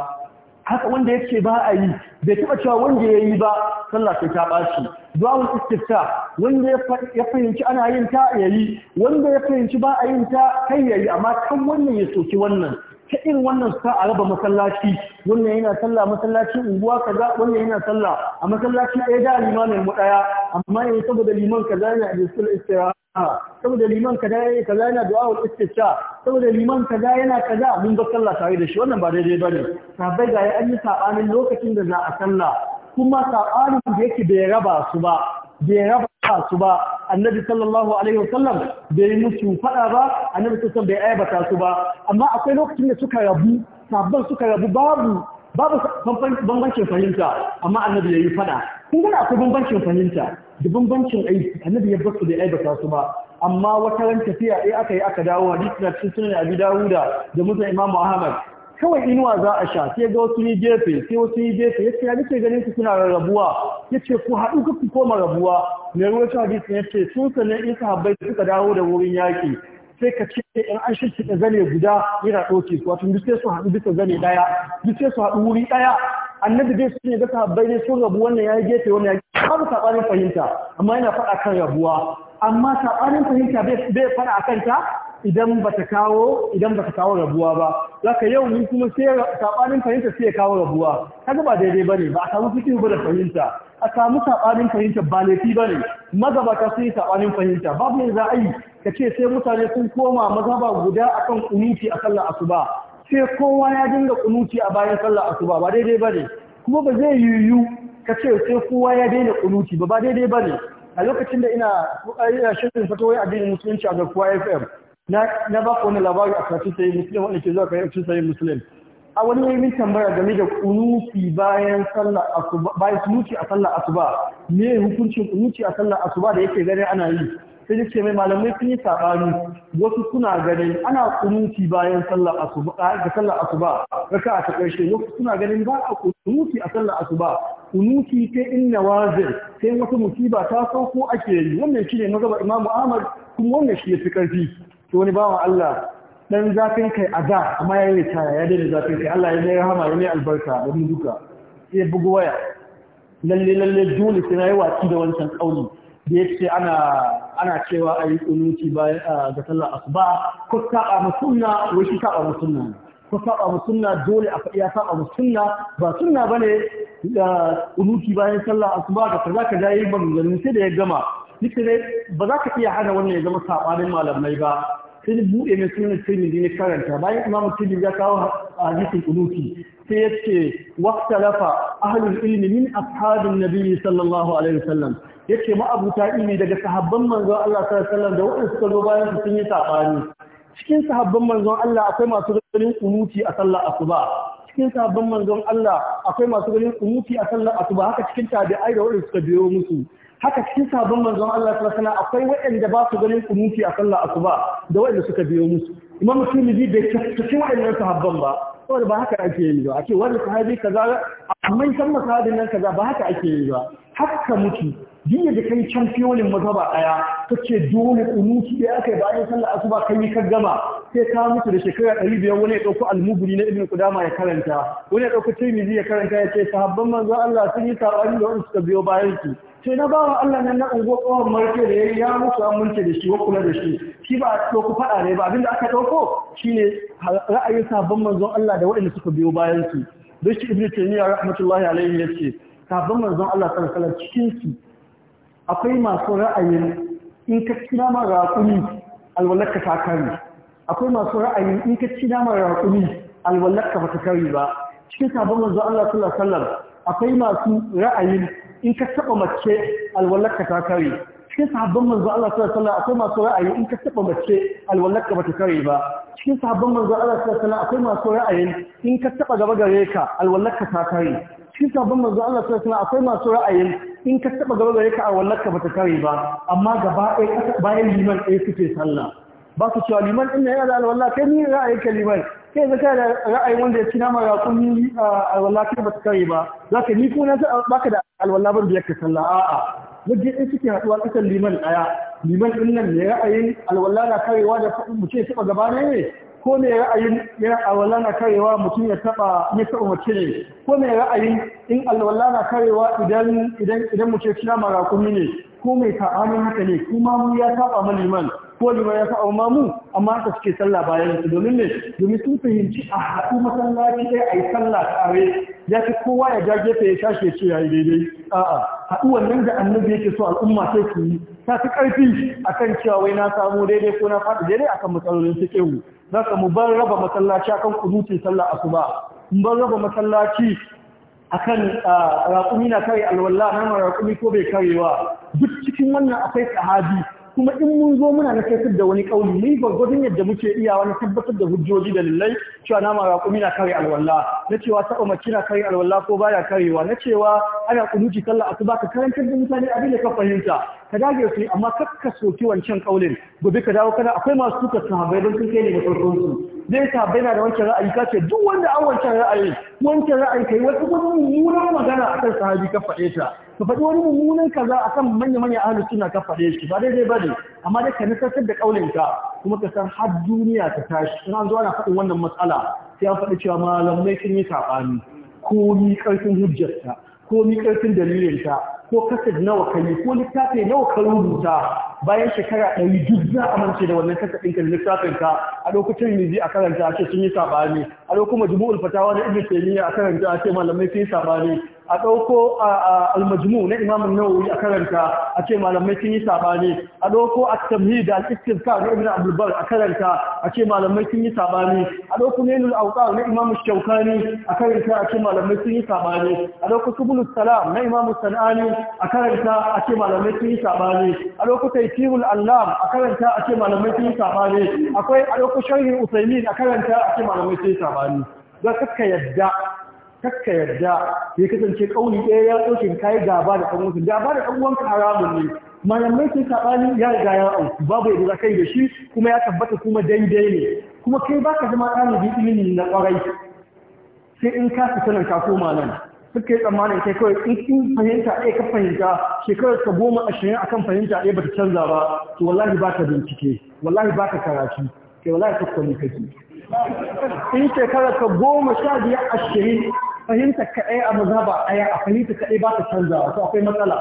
haka wanda yake ba a yi bai taba cewa wanda ya yi ba sallah sai ta bashi du'awul istifta wanda ya fahimci ana yin ta ya yi wanda ya fahimci ba a yin ta kai ya yi amma kan wannan ya soki wannan ta irin wannan suka a raba masallaci wannan yana sallah masallaci unguwa kaza wannan yana sallah a masallaci ɗaya da limamin mu ɗaya amma yanzu eh, saboda liman kaza yana da sul istira saboda liman kaza yana kaza yana du'a'ul istisha saboda liman kaza yana kaza mun ga sallah tare da shi wannan ba daidai bane sabai ga an yi sabanin lokacin da za a sallah kuma sabanin da yake bai raba su ba bai raba su ba annabi sallallahu alaihi wasallam bai musu fada ba annabi sallallahu bai aibata su ba amma akwai lokacin da suka rabu sabban suka rabu babu babu bambancin fahimta amma annabi yayi fada kun ga akwai bambancin fahimta da bambancin aiki annabi ya bar su da aibata su ba amma wata ran tafiya eh aka yi aka dawo hadisi na cikin sunan Abi Dawuda da musa Imam Ahmad kawai inuwa za a sha sai ga wasu ni gefe sai wasu ni gefe yace ya nake ganin ku suna rarrabuwa yace ku haɗu ku koma rabuwa mai ruwa sha hadisi yace sun sanin in sahabbai suka dawo da wurin yaki sai ka ce in an shirkita zane guda yana ɗauke su wato duk sai su haɗu bisa zane ɗaya duk sai su haɗu wuri ɗaya annabi dai sun ga sahabbai ne sun rabu wannan ya gefe wannan ya babu saɓanin fahimta amma yana faɗa kan rabuwa amma saɓanin fahimta bai faɗa akan ta idan bata kawo idan bata kawo rabuwa ba zaka yau mun kuma sai sabanin fahimta sai ya kawo rabuwa kaga ba daidai bane ba a samu fikihu ba da fahimta a samu sabanin fahimta ba laifi bane magabata sun yi sabanin fahimta babu ne za a yi ka ce sai mutane sun koma mazhaba guda akan kunuti a sallar asuba sai kowa ya dinga kunuti a bayan sallar asuba ba daidai bane kuma ba zai yiwu ka ce sai kowa ya daina kunuti ba ba daidai bane a lokacin da ina ina shirin fatoyi addinin musulunci a garkuwa FM na ba ku wani labari a kafin sayi musulun wanda ke zuwa kafin sayi musulun a wani wani min tambaya game da kunuti bayan sallar asuba bayan kunuti a sallar asuba me hukuncin kunuti a sallar asuba da yake gare ana yi sai dace mai malamai sun yi sabani wasu suna ganin ana kunuti bayan sallah asuba ga sallar asuba raka'a ta karshe wasu suna ganin ba a kunuti a sallar asuba kunuti sai in nawazir sai wata musiba ta sauko ake yi wannan shine mazhabar Imam Ahmad kuma wannan shi ya fi karfi to wani bawan Allah dan zafin kai a da amma ya yi taya ya daina zafin kai Allah ya yi rahama ya yi albarka da mu duka sai bugu waya lalle lalle dole sai yi watsi da wancan ƙauni da yace ana ana cewa yi kunuti bayan ga sallar asuba ko saba musunna wai shi saba musunna ko saba musunna dole a faɗi ya saba musunna ba sunna bane da kunuti bayan sallar asuba da kaza kaza yayi ban ganin sai da ya gama nake dai ba za ka iya hana wannan ya zama saɓanin malamai ba sai ni buɗe mai sunan tirmidhi ne karanta bayan imamu tirmidhi ya kawo hadisin qunuti sai ya ce waqtalafa ahlul ilmi min ashabin nabiy sallallahu alaihi wasallam yace ma abuta ilmi daga sahabban manzon Allah sallallahu alaihi wasallam da waɗanda suka zo bayan su sun yi saɓani. cikin sahabban manzon Allah akwai masu ganin kunuti a sallar asuba cikin sahabban manzon Allah akwai masu ganin kunuti a sallar asuba haka cikin tabi'ai da waɗanda suka biyo musu haka cikin sabon manzon Allah sallallahu alaihi akwai waɗanda ba su ganin kunuti a sallar asuba da waɗanda suka biyo musu imam musulmi bai cikin waɗannan sahabban ba saboda ba haka ake yi ba a ce wani sahabi kaza amma san masahadin nan kaza ba haka ake yi ba haka mutu jiya da kai can fiyolin mazhaba daya kace dole kunuti da aka yi bayan sallar ba, kai yi ka gama sai ka mutu da shekara ɗari biyar wani ya ɗauko almubiri na ibn kudama ya karanta wani ya ɗauko tirmidhi ya karanta ya ce sahabban manzo Allah sun yi sabani da wani suka biyo bayan su sai na bawa Allah nan na ungo tsawon marke da yi ya mutu an munce da shi wa kula da shi shi ba a ɗauku faɗa ne ba abinda aka ɗauko shine ra'ayin sahabban manzon Allah da waɗanda suka biyo bayan su don shi ibn taymiya rahmatullahi alayhi ya ce sahabban manzon Allah sallallahu alaihi cikin su akwai masu ra'ayin in ka ci nama raƙumi alwalarka ta kare akwai masu ra'ayin in ka ci nama raƙumi alwalarka ba ta kare ba cikin sabon manzo Allah sallallahu alaihi wasallam akwai masu ra'ayin in ka taba mace alwalarka ta kare cikin sahabban manzo Allah sallallahu alaihi wasallam akwai masu ra'ayi in ka taba mace alwalarka bata kare ba cikin sahabban manzo Allah sallallahu alaihi wasallam akwai masu ra'ayi in ka taba gaba gare ka alwalarka ta kare cikin sabon manzo Allah sallallahu alaihi akwai masu ra'ayin in ka taɓa gaba gare ka a wallarka bata kare ba amma gaba ɗaya bayan liman ɗaya suke sallah ba su cewa liman ɗin yana da alwala kai ni ra'ayin ka liman kai zaka da ra'ayin wanda ya cina ci nama raƙumi a alwala kai bata kare ba za zaka ni kuma kuna baka da alwala ban biyar ka sallah a'a waje ɗin suke haɗuwa ƙasar liman ɗaya liman ɗin nan ne ra'ayin alwala na karewa da mutum ya taɓa gaba ne ko mai ra'ayin yin alwala na karewa mutum ya taba ya taba mace ne ko mai ra'ayin in alwala na karewa idan idan idan ce kina marakumi ne ko mai ta'amin haka ne kuma mu ya taba ma liman ko liman ya taba ma mu amma haka suke sallah bayan su domin ne domin sun fahimci a haɗu masallaci ɗaya a yi sallah tare ya fi kowa ya ja gefe ya tashi ya ce ya yi daidai a'a haɗu nan da annabi yake so al'umma sai su yi ta fi ƙarfi a kan cewa wai na samu daidai ko na faɗi daidai akan matsalolin fiƙewu za ka mu bar raba masallaci akan kunutun sallah asuba in ban raba masallaci kan raƙumi na kare alwala na raƙumi ko bai karewa duk cikin wannan akwai sahabi kuma in mun zo muna na kai da wani kauli ni gwargwadon yadda muke iya wani tabbatar da hujjoji da lillai cewa nama raƙumi na kare alwallah na cewa taɓa mace na kare alwala ko baya karewa na cewa ana kunuci sallah asu baka karantar da mutane abin da ka fahimta ka dage su amma kakka soki wancan kaulin gobe ka dawo kana akwai masu suka sahabbai don sun kai ne da farkon su zai sahabbai na da wancan ra'ayi kace duk wanda an wancan ra'ayi wancan ra'ayi kai wasu kuma mummunan magana akan sahabi ka faɗe ta ka faɗi wani mummunan kaza akan manya manya ahlus suna ka faɗe shi ba daidai ne amma dai ka satar da kaulin ka kuma ka san har duniya ta tashi in an zo ana faɗin wannan matsala sai an faɗi cewa malamai sun yi saɓani ni ƙarfin hujjarta ni ƙarfin dalilinta ko kasar nawa ka yi ko littafi nawa ka rubuta bayan shekara ɗari duk za a mance da wannan kasar ɗinka da littafin ka a lokacin rizi a karanta a ce sun yi saɓani a lokacin majmu'ul fatawa na ibn taymiya a karanta a ce malamai sun yi saɓani a ɗauko al-majmu na imam nawawi a karanta a ce malamai sun yi saɓani a ɗauko at-tamhid da al-istinqa na ibn abdul a karanta a ce malamai sun yi saɓani a ɗauko nuna awqa na imam shaukani a karanta a ce malamai sun yi saɓani a ɗauko subulus salam na imam sanani a karanta a ce malamai sun yi ne a lokutan tirul allam a karanta a ce malamai sun yi ne akwai a lokutan sharhin usaimin a karanta a ce malamai sun yi sabani don kakka yadda kakka yadda ya kasance kauli ɗaya ya ɗaukin kayi gaba da ɗan wasu gaba da ɗan wanka haramun ne malamai sun saɓani ya riga ya auku babu yadda za kai da shi kuma ya tabbata kuma daidai ne kuma kai baka zama ɗalibi ilimi na ƙwarai sai in ka fita nan ka koma nan suka yi tsammanin kai kawai in in fahimta ɗaya ka fahimta shekarar ka goma ashirin akan fahimta ɗaya bata canza ba to wallahi ba ka bincike wallahi ba ka karatu kai wallahi ka kwani kake in shekarar ka goma sha biyar ashirin fahimta ka ɗaya a ba ɗaya a fahimta ka ɗaya ba ta canzawa to akwai matsala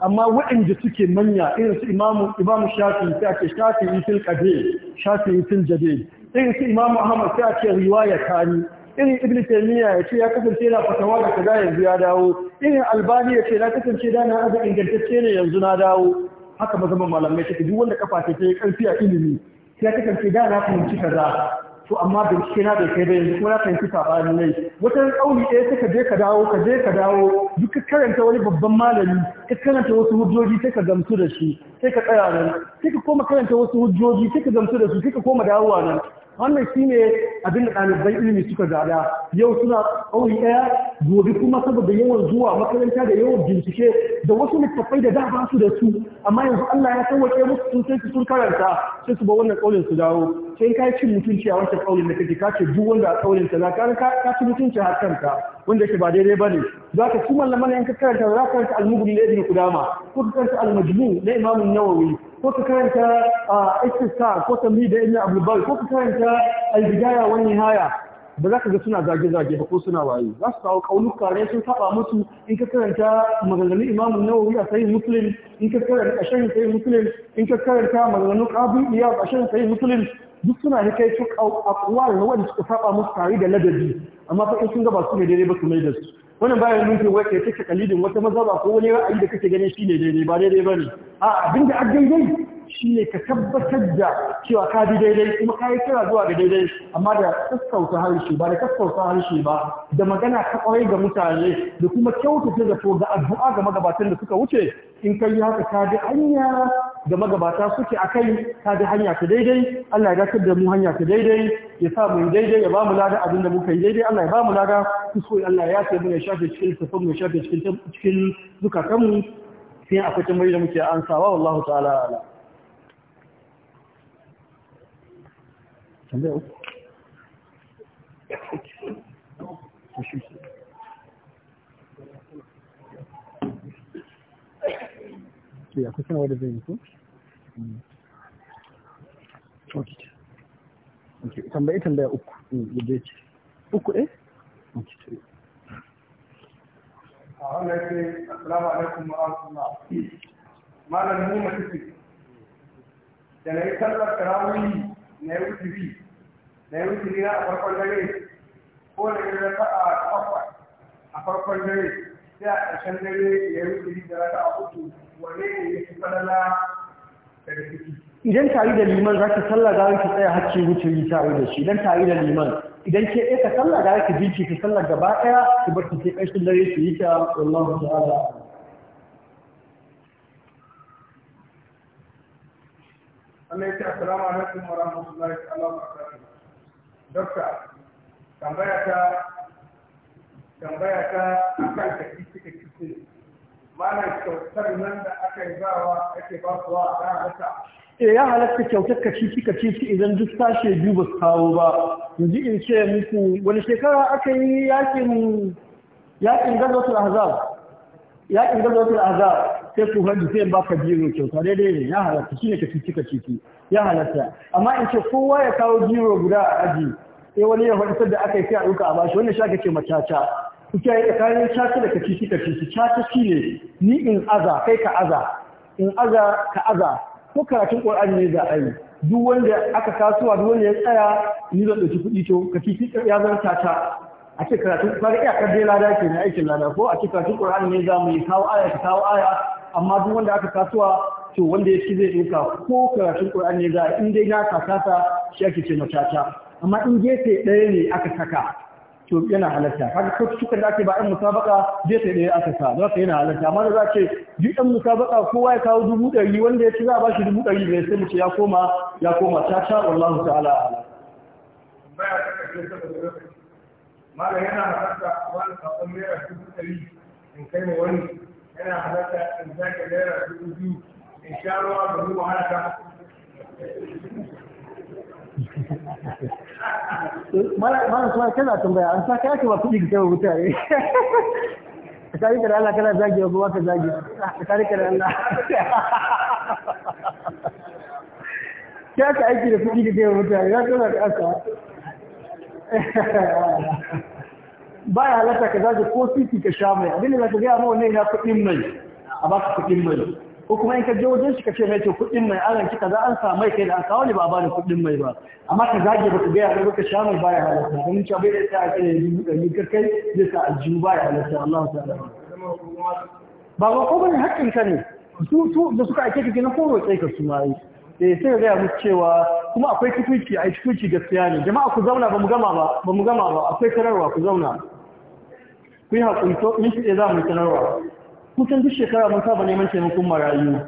amma waɗanda suke manya irin su imamu imamu shafi sai ake shafi fil qadim shafi fil jabe, irin su imamu ahmad sai ake riwaya kani. irin ibn taymiya ya ce ya kasance yana fatawa da kaza yanzu ya dawo irin albani ya ce na kasance da na aza ingantacce ne yanzu na dawo haka ba zama malamai take duk wanda kafa ta yi karfi a ilimi sai ya kasance da na fahimci kaza to amma bincike na bai kai ba yanzu kuma na fahimci sabanin ne wata kauli ɗaya sai ka je ka dawo ka je ka dawo duk ka karanta wani babban malami ka karanta wasu hujjoji sai ka gamsu da shi sai ka tsaya nan sai ka koma karanta wasu hujjoji sai ka gamsu da su sai ka koma dawowa nan wannan ne abin da ɗaliban ilimi suka zaɗa. yau suna ƙauri ɗaya gobe kuma saboda yawan zuwa makaranta da yawan bincike da wasu littattafai da da basu su da su amma yanzu Allah ya sauwaƙe musu sun sai sun karanta sai su ba wannan ƙaurin su dawo sai ka cin mutunci a wancan ƙaurin da kake ka ce duk wanda a ƙaurin ta. ka ka ci mutunci har kanka wanda yake ba daidai bane za ka ci mallaman yanka karanta za ka karanta al-mughni da ibn qudama ko ka karanta al-majmu' imamun nawawi ko ka karanta a istisa ko mi da ibn abdul ko ka karanta al-bidaya wa nihaya ba za ka ga suna zage-zage ba ko suna waye za su kawo kaunuka ne sun saba musu in ka karanta Maganganu imamu nawawi a sayin muslim in ka karanta ƙashin sayin muslim in ka karanta Maganganu ƙabin iya ƙashin sayin muslim duk suna da kai su akwai wanda suka saba musu tare da ladabi amma fa sun ga ba su ne daidai ba su mai da su wannan bayan nufin wai kai take kalidin wata mazaba ko wani ra'ayi da kake ganin shine daidai ba daidai bane a abinda a dai. Shi ne ka tabbatar da cewa ka bi daidai kuma ka yi kira zuwa ga daidai amma da kaskauta harshe ba da kaskauta harshe ba da magana ka kwarai ga mutane da kuma kyautata da to ga addu'a ga magabatan da suka wuce in kai yi haka ka bi hanya da magabata suke akai ka bi hanya ta daidai Allah ya dakatar da mu hanya ta daidai ya sa mu daidai ya ba mu lada abin da muka yi daidai Allah ya ba mu lada kuskure Allah ya sai mu ya shafe cikin tafin mu shafe cikin cikin zukatanmu sai akwai tambayoyi da muke ansawa wallahu ta'ala
tambaya uku ya
zai yi tambaya uku mm, uku eh? a ah, wanda ya ce assalamu alaikum wa rahmatullah malam ni mace ce da na yi na yi bi na yi wuce na a farkon dare ko na yi raka a kafa a farkon dare sai a ƙarshen dare ya yi wuce da raka a uku wane ne ya fi
sanana da ciki
idan tare da liman za ki sallah za ki tsaya hacci yi tare da shi idan tare da liman idan ke ɗaya ka sallah za ki jinki ki sallah gaba ɗaya ki bar ki ke ƙarshen dare ki yi ta wallahu ta'ala
Allah ya ce assalamu alaikum wa rahmatullahi wa barakatuh dokta tambaya ta tambaya ta akan kaci kike kike malam kyautar nan da aka yi zawa ake ba su wa a halatta
eh ya halatta kyautar kaci kika ci idan duk sashe biyu ba su kawo ba yanzu in ce muku wani shekara aka yi yakin yakin gazawatul ahzab yakin gazawatul ahzab sai ku hadu sai ba ka biro kyauta daidai ne ya halatta shi ne ka cika ciki ya halatta amma in ce kowa ya kawo biro guda a aji sai wani ya faɗi da aka yi sai a ɗauka a bashi wannan shaka ce macaca kuke yi tsakanin caca da kacici kacici caca shi ne ni in aza kai ka aza in aza ka aza ko karatun ƙwar'ani ne za a yi duk wanda aka kasuwa duk wanda ya tsaya ni zan ɗauki kuɗi to kacici ya zan caca a ce karatun kaga iyakar lada ke na aikin lada ko a ce karatun ƙwar'ani ne za mu yi kawo aya ka kawo aya amma duk wanda aka kasuwa to wanda ya ci zai ɗauka ko karatun ne za in dai na ta shi ake ce matata amma in gefe ɗaya ne aka saka to yana halatta kaga ko tukan da ake ba in musabaka gefe ɗaya aka sa za ka yana halatta amma da za ce duk dan musabaka kowa ya kawo dubu ɗari wanda ya ci za a ba shi dubu ɗari bai sai mu ce ya koma ya koma tata wallahu ta'ala
Mala yana da halatta wani kafin naira dubu ɗari in kai ma wani yana halatta in za ka dubu biyu in sha ruwa da ruwa haraka Mana suna kana tambaya an yake ba kuɗi mutane.
Ka da Allah kana zagi ba kuma ka zagi. Ka da Allah. Ka ka aiki da kuɗi ga mutane aka. ba ya halatta ka zaje ko titi ka sha mai abin da za ka gaya ma ya ina kuɗin mai a baka kuɗin mai ko kuma in ka je wajen shi ka ce mai ce kuɗin mai an ka kaza an sa mai kai da an kawo ne ba ba da kuɗin mai ba amma ka zage ba ka gaya ba ka sha mai ba ya halatta don ci bai da ta a kai da ni ka kai zai sa aljihu ba ya halatta Allah ta'ala ba ba ko ne hakkin ka ne su su da suka ake kike na koro sai ka su mai eh sai ga gaya mu cewa kuma akwai tukuci ai tukuci gaskiya ne jama'a ku zauna ba mu gama ba ba mu gama ba akwai kararwa ku zauna ku yi to minti ɗaya za mu sanarwa kusan duk shekara mun saba neman taimakon marayu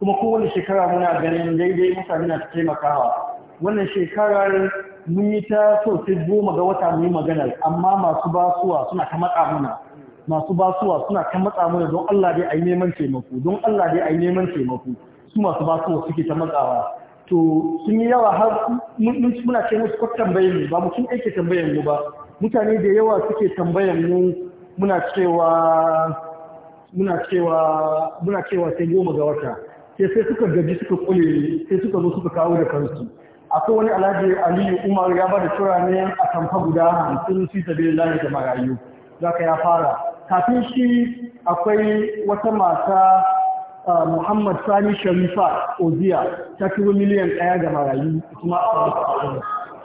kuma kowane shekara muna ganin daidai mutane na taimakawa wannan shekarar mun yi ta so sai goma ga wata mu yi maganar amma masu basuwa suna ta matsa muna masu basuwa suna ta matsa muna don Allah dai a yi neman taimako don Allah dai a yi neman taimako su masu basuwa suke ta matsawa to sun yi yawa har muna ce musu kwat tambayar mu ba mutum aiki tambayar mu ba mutane da yawa suke tambayar mu muna cewa muna cewa sai goma ga wata sai sai suka gaji suka kule sai suka zo suka kawo da kansu akwai wani alhaji aliyu umar ya ba da tura ne a tamfa guda hamsin fi sabi lillahi da marayu za ka ya fara kafin shi akwai wata mata muhammad sani sharifa oziya ta kiro miliyan ɗaya ga marayu kuma a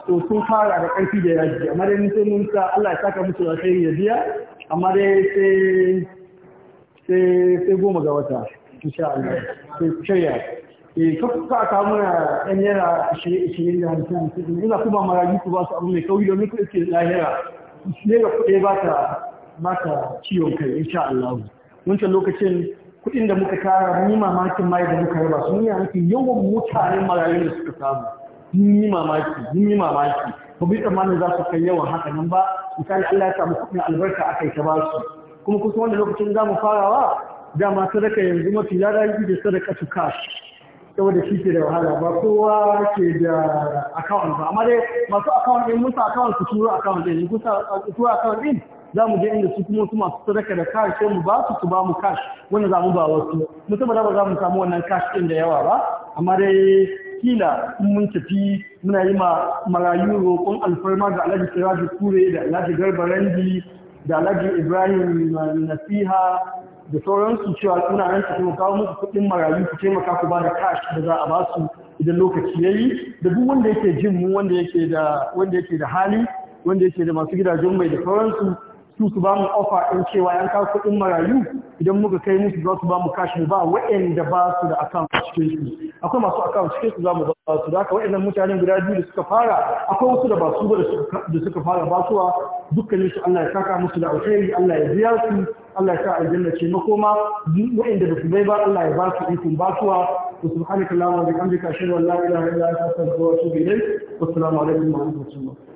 to sun fara da ƙarfi da yaji amma dai mun sai mun sa Allah ya saka musu alheri ya biya amma dai sai goma ga wata insha Allah sai shirya eh ka kuka ka muna ɗan yana 20 da 50 ina kuma maraji ku ba su abu mai kauri domin ku ke lahira ne ga kuɗe ba ta ba ta ciwon kai insha Allah wancan lokacin kuɗin da muka kara ni mamakin mai da muka raba su ne yawan mutanen marayun da suka samu mun yi mamaki mun yi mamaki ba bi tsammanin za su kai yawan haka nan ba misali Allah ya samu kuɗin albarka a kai ta ba su kuma kusa wanda lokacin za mu farawa dama sadaka yanzu mafi yara yi da sadaka su kashi saboda shi ke da wahala ba kowa ke da account ba amma dai masu akawun ɗin musa account su tura akawun ɗin kusa tura account din za mu je inda su kuma su masu sadaka da kashi sai mu ba su su ba mu kashi wanda za mu ba wasu musamman ba za mu samu wannan kashi ɗin da yawa ba amma dai kila mun tafi muna yi ma marayu roƙon alfarma ga alhaji siraji kure da alhaji garba da alhaji ibrahim nasiha da sauransu cewa suna nan su kuma kawo musu kuɗin marayu ku taimaka ku ba da cash da za a ba su idan lokaci ya yi da duk wanda yake jin mu wanda yake da wanda yake da hali wanda yake da masu gidajen mai da sauransu su su ba mu offer ɗin cewa yan kawo kuɗin marayu idan muka kai musu za su ba mu kashi ba waɗanda ba su da account cikin su akwai masu account cikin su za mu ba su da aka waɗannan mutanen guda biyu da suka fara akwai wasu da ba su ba da suka fara basuwa dukkanin su Allah ya saka musu da alheri Allah ya biya su Allah ya sa aljanna ce makoma waɗanda ba su bai ba Allah ya ba su ikon basuwa
وسبحانك اللهم وبحمدك اشهد ان لا اله الا انت استغفرك واتوب اليك والسلام عليكم ورحمه الله